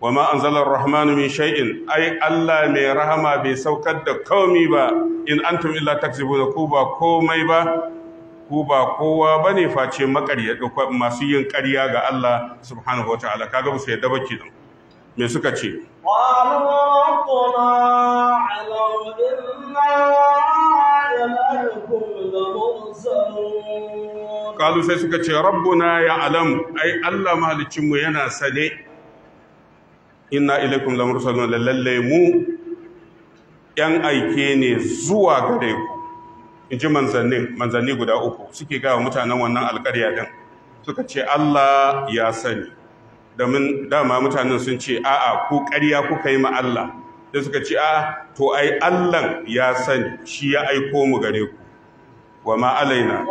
wa ma zalar rahmanu min shay'in ai Allah mai rahama bai saukar da kaumi ba in an antum illa da ku ba komai ba ku ba kowa ba ne face makarya masu yin ƙarya ga Allah subhanahu wa ta'ala kaga ba su yadda ba don me suka ce kalu sai suka ce rabbuna ya alamu ai Allah mahalicinmu yana sane inna ilaikum lamursalun lalle mu yan aike ne zuwa gare ku in ji manzanni guda uku suke gawa mutanen wannan alkariya din suka ce Allah ya sani domin dama mutanen sun ce a'a ku karya kuka yi ma Allah da suka ce a to ai Allah ya sani shi ya aiko mu gare ku wa alaina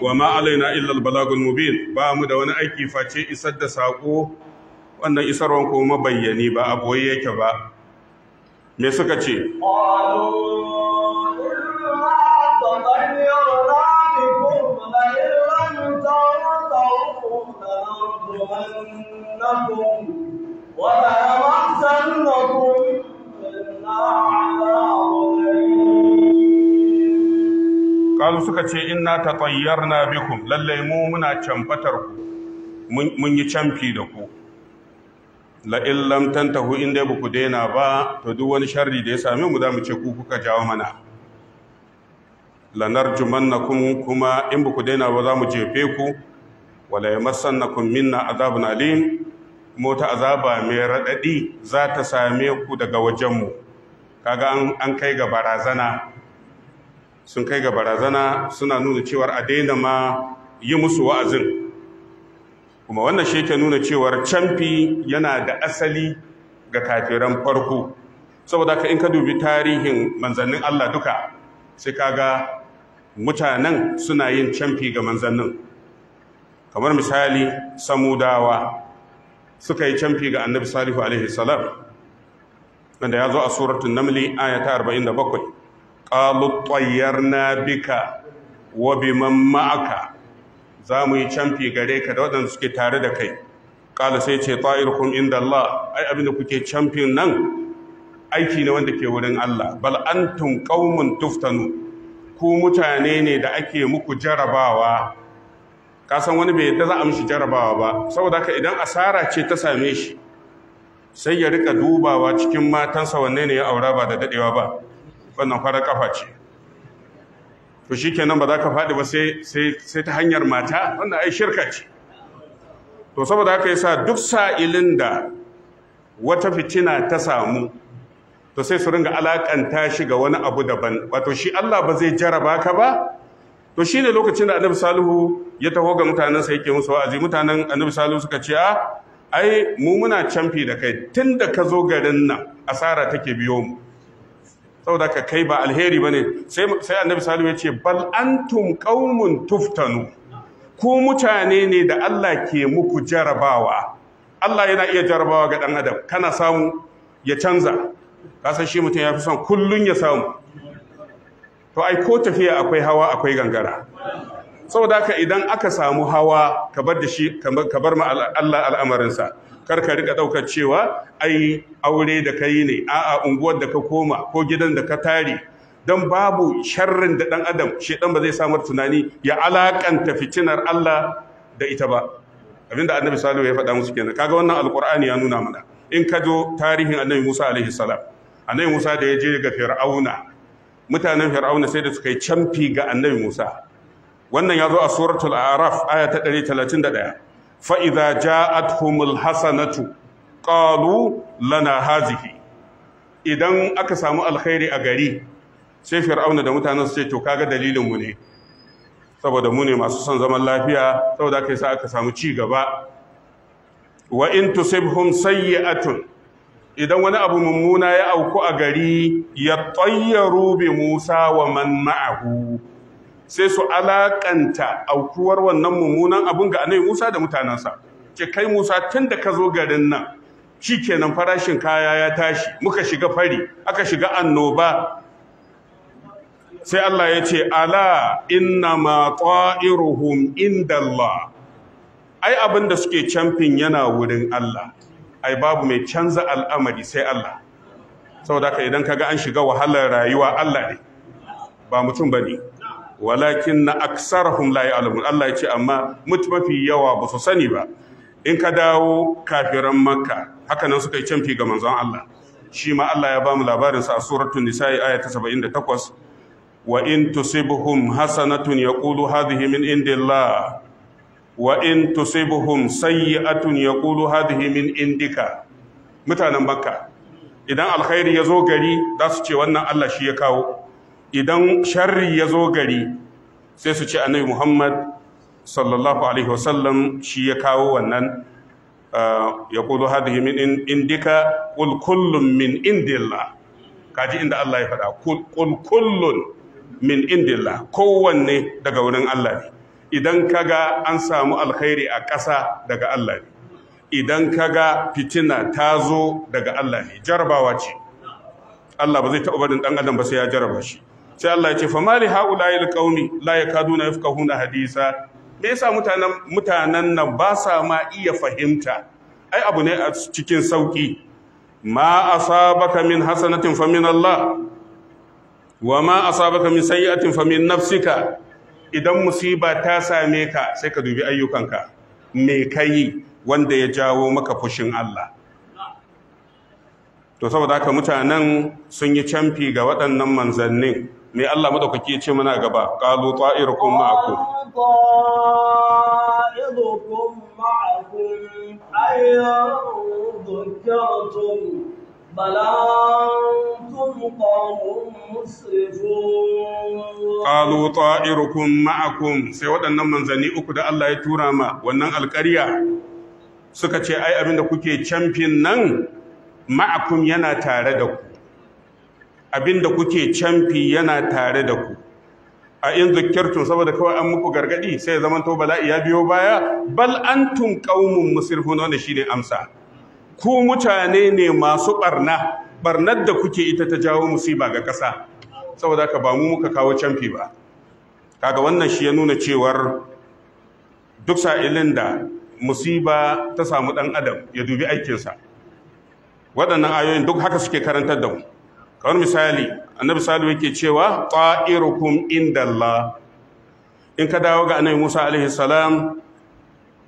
wa ma alaina mubin ba mu da wani aiki face isar da saƙo wannan isarwan ko mabayyani ba a boye yake ba me suka ce Kalu suka ce لئن ta ترضوا na وليمسنكم منا ce inna mu muna canfatar ku mun yi camfi da ku la'in tantahu in ba ku daina ba ta duk wani sharri da ya same mu za mu ce ku kuka jawo mana lanar jumannakun kuma in ba daina ba za mu jefe ku wala ya masannakun minna azabun alim mota azaba mai raɗaɗi za ta same ku daga wajenmu kaga an kai ga barazana sun kai ga barazana suna nuna cewar a daina ma yi musu wa'azin kuma wannan shi nuna cewar camfi yana da asali ga kafiran farko saboda ka in ka dubi tarihin manzannin Allah duka sai kaga mutanen suna yin camfi ga manzannin kamar misali samudawa suka yi camfi ga annabi salihu alaihi salam wanda ya zo a suratun namli ayata 47 qalu na bika wa biman ma'aka za mu yi camfi gare ka da waɗanda suke tare da kai ƙalu sai ce ta'irukum inda Allah ai abin kuke camfin nan aiki na wanda ke wurin Allah bal antum qaumun tuftanu ku mutane ne da ake muku jarabawa ka san wani bai yadda za a mishi jarabawa ba saboda haka idan asara ce ta same shi sai ya rika dubawa cikin matansa wanne ne ya aura ba da dadewa ba wannan farar kafa ce to shikenan ba za ka faɗi ba sai ta hanyar mata wannan ai shirka ce to saboda haka yasa duk sa'ilin da wata fitina ta samu to sai su ringa alakanta shi ga wani abu daban wato shi Allah ba zai jaraba ka ba to shine lokacin da Annabi Salihu ya taho ga mutanen sa yake musu wa'azi mutanen Annabi Salihu suka ce a ah, ai mu muna camfi da kai tunda ka zo garin nan asara take biyo mu saboda ka kai ba alheri bane sai sai Annabi Salihu ya ce bal antum qaumun tuftanu ku mutane ne da Allah ke muku jarabawa Allah yana iya jarabawa ga dan adam kana samu ya canza kasan shi mutum ya fi son kullum ya samu to ai ko tafiya akwai hawa akwai gangara saboda haka idan aka samu hawa ka bar da shi ka bar ma Allah al'amarinsa kar ka rika daukar cewa ai aure da kai ne a'a unguwar da ka koma ko gidan da ka tare don babu sharrin da ɗan adam shedan ba zai samar tunani ya alaƙanta fitinar Allah da ita ba abinda annabi salihu ya faɗa musu kenan kaga wannan alqur'ani ya nuna mana in ka zo tarihin annabi Musa alaihi salam annabi Musa da ya je ga Fir'auna mutanen Fir'auna sai da suka yi camfi ga annabi Musa wannan ya zo a suratul a'raf aya ta 131 fa idza ja'atuhumul hasanatu qalu lana hazihi idan aka samu alkhairi a gari sai Fir'auna da mutanen su ce to kaga dalilin mu ne saboda mu ne masu son zaman lafiya saboda kai sa aka samu ci gaba wa in tusibhum sayyi'atun idan wani abu mummuna ya auku a gari ya tayyaru bi Musa wa man ma'ahu sai su alaƙanta aukuwar wannan mummunan abun ga annabi Musa da mutanansa ke kai Musa tun da ka zo garin nan shikenan farashin kaya ya tashi muka shiga fari aka shiga annoba sai Allah ya ce ala inna ma ta'iruhum indallah ai abin da suke camfin yana wurin Allah ai babu mai canza al'amari sai Allah saboda haka idan kaga an shiga wahalar rayuwa Allah ne ba mutum bane walakin na aksarahum la ya'lamun Allah ya ce amma mutum mafi yawa ba su sani ba in ka dawo kafiran makka haka nan suka yi camfi ga manzon Allah shi ma Allah ya ba mu labarin sa a suratul nisa'i aya ta 78 wa in tusibhum hasanatun yaqulu hadhihi min indillah wa in tusibuhum sayyi'atun yaqulu hadhihi min indika mutanen makka idan alkhairi ya zo gari za su ce wannan Allah shi ya kawo idan sharri ya zo gari sai su ce annabi Muhammad sallallahu alaihi wasallam shi ya kawo wannan eh, ya kudu hadhihi min indika qul kullun min indillah kaji inda Allah ya faɗa qul min indillah kowanne daga wurin Allah ne idan kaga an samu alkhairi a ƙasa daga Allah ne idan kaga fitina ta zo daga Allah ne jarabawa ce Allah ba zai taɓa barin ɗan adam ba sai ya jaraba shi sai Allah ya ce famali haula'il qaumi la yakaduna yafqahuna hadisa me yasa mutanen mutanen nan ba sa ma iya fahimta ai abu ne a cikin sauƙi. ma asabaka min hasanatin famin Allah wa ma asabaka min sayyi'atin fa nafsika idan musiba ta same ka sai ka dubi ayyukanka me ka yi wanda ya jawo maka fushin Allah to saboda haka mutanen sun yi camfi ga waɗannan manzannin me Allah madaukaki ce muna gaba qalu ta'irukum ma'akum ta'irukum ma'akum بل أنتم قوم مسرفون قالوا طائركم معكم سيود أن من زني أكد الله يتورما suka ce ai abinda kuke camfin nan ma’akun yana tare da ku abinda kuke camfi yana tare da ku a in zukirtun saboda kawai an muku gargadi sai zaman to bala'i ya biyo baya bal'antun ƙaunin qaumun wanda shi ne amsa ku mutane ne masu barna barnar da kuke ita ta jawo musiba ga ƙasa saboda ka ba mu muka kawo canfi ba kaga wannan shi ya nuna cewar duk sa'ilin da musiba ta samu ɗan adam ya dubi aikinsa waɗannan ayoyin duk haka suke karantar da mu kamar misali annabi salihu yake cewa ta'irukum indallah in ka dawo ga annabi Musa alaihi salam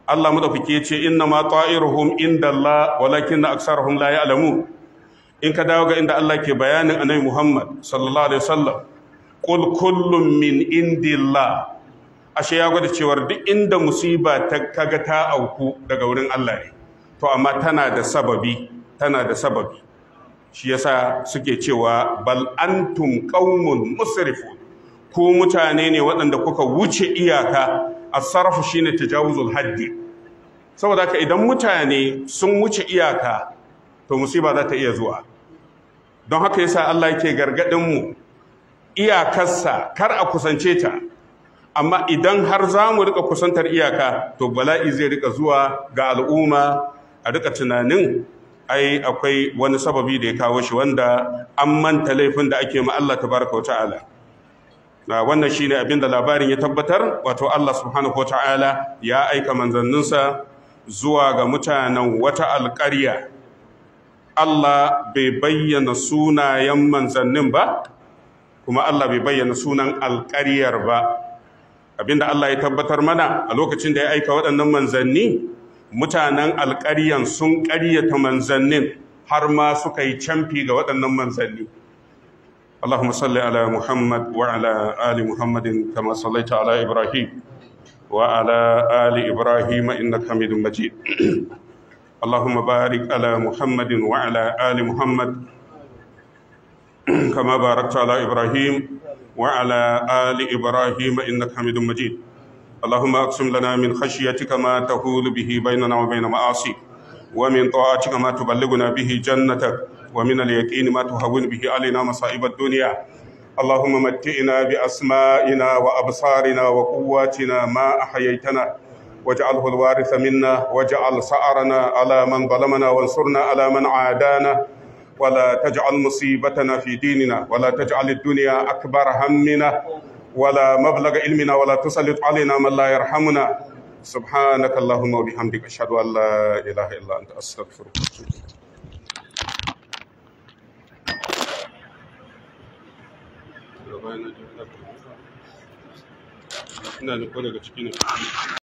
Allah madaukake yace inna ma ta'iruhum inda Allah walakinna aktsaruhum la ya'lamun in ka dawo ga inda Allah ke bayanin annabi Muhammad sallallahu alaihi wasallam qul kullum min indillah ashe ya gwada cewar duk inda musiba ta kaga ta auku daga wurin Allah ne to amma tana da sababi tana da sababi shi yasa suke cewa bal antum qaumun musrifun ku mutane ne waɗanda kuka wuce iyaka as-sarfu shine tajawuzul haddi saboda ka idan mutane sun wuce iyaka to musiba za ta iya zuwa don haka yasa Allah yake gargadin mu iyakarsa kar a kusance ta amma idan har za mu rika kusantar iyaka to bala'i zai rika zuwa ga al'umma a rika tunanin ai akwai wani sababi da ya kawo shi wanda an manta laifin da ake ma Allah tabaraka wa ta'ala na wannan shine abin da labarin ya tabbatar wato Allah subhanahu wata'ala ya aika manzanninsa zuwa ga mutanen wata alƙarya Allah bai bayyana sunayen manzannin ba kuma Allah bai bayyana sunan alƙaryar ba abinda Allah ya tabbatar mana a lokacin da ya aika waɗannan manzanni mutanen alƙaryan sun ƙaryata manzannin har ma suka yi camfi ga waɗannan manzanni اللهم صل على محمد وعلى آل محمد كما صليت على إبراهيم وعلى آل إبراهيم إنك حميد مجيد اللهم بارك على محمد وعلى آل محمد كما باركت على إبراهيم وعلى آل إبراهيم إنك حميد مجيد اللهم أقسم لنا من خشيتك ما تهول به بيننا وبين معاصيك ومن طاعتك ما تبلغنا به جنتك ومن اليقين ما تهون به علينا مصائب الدنيا اللهم متئنا بأسمائنا وأبصارنا وقواتنا ما أحييتنا واجعله الوارث منا واجعل سعرنا على من ظلمنا وانصرنا على من عادانا ولا تجعل مصيبتنا في ديننا ولا تجعل الدنيا أكبر همنا ولا مبلغ علمنا ولا تسلط علينا من لا يرحمنا سبحانك اللهم وبحمدك أشهد أن لا إله إلا أنت أستغفرك وأتوب إليك ina da daga ciki ne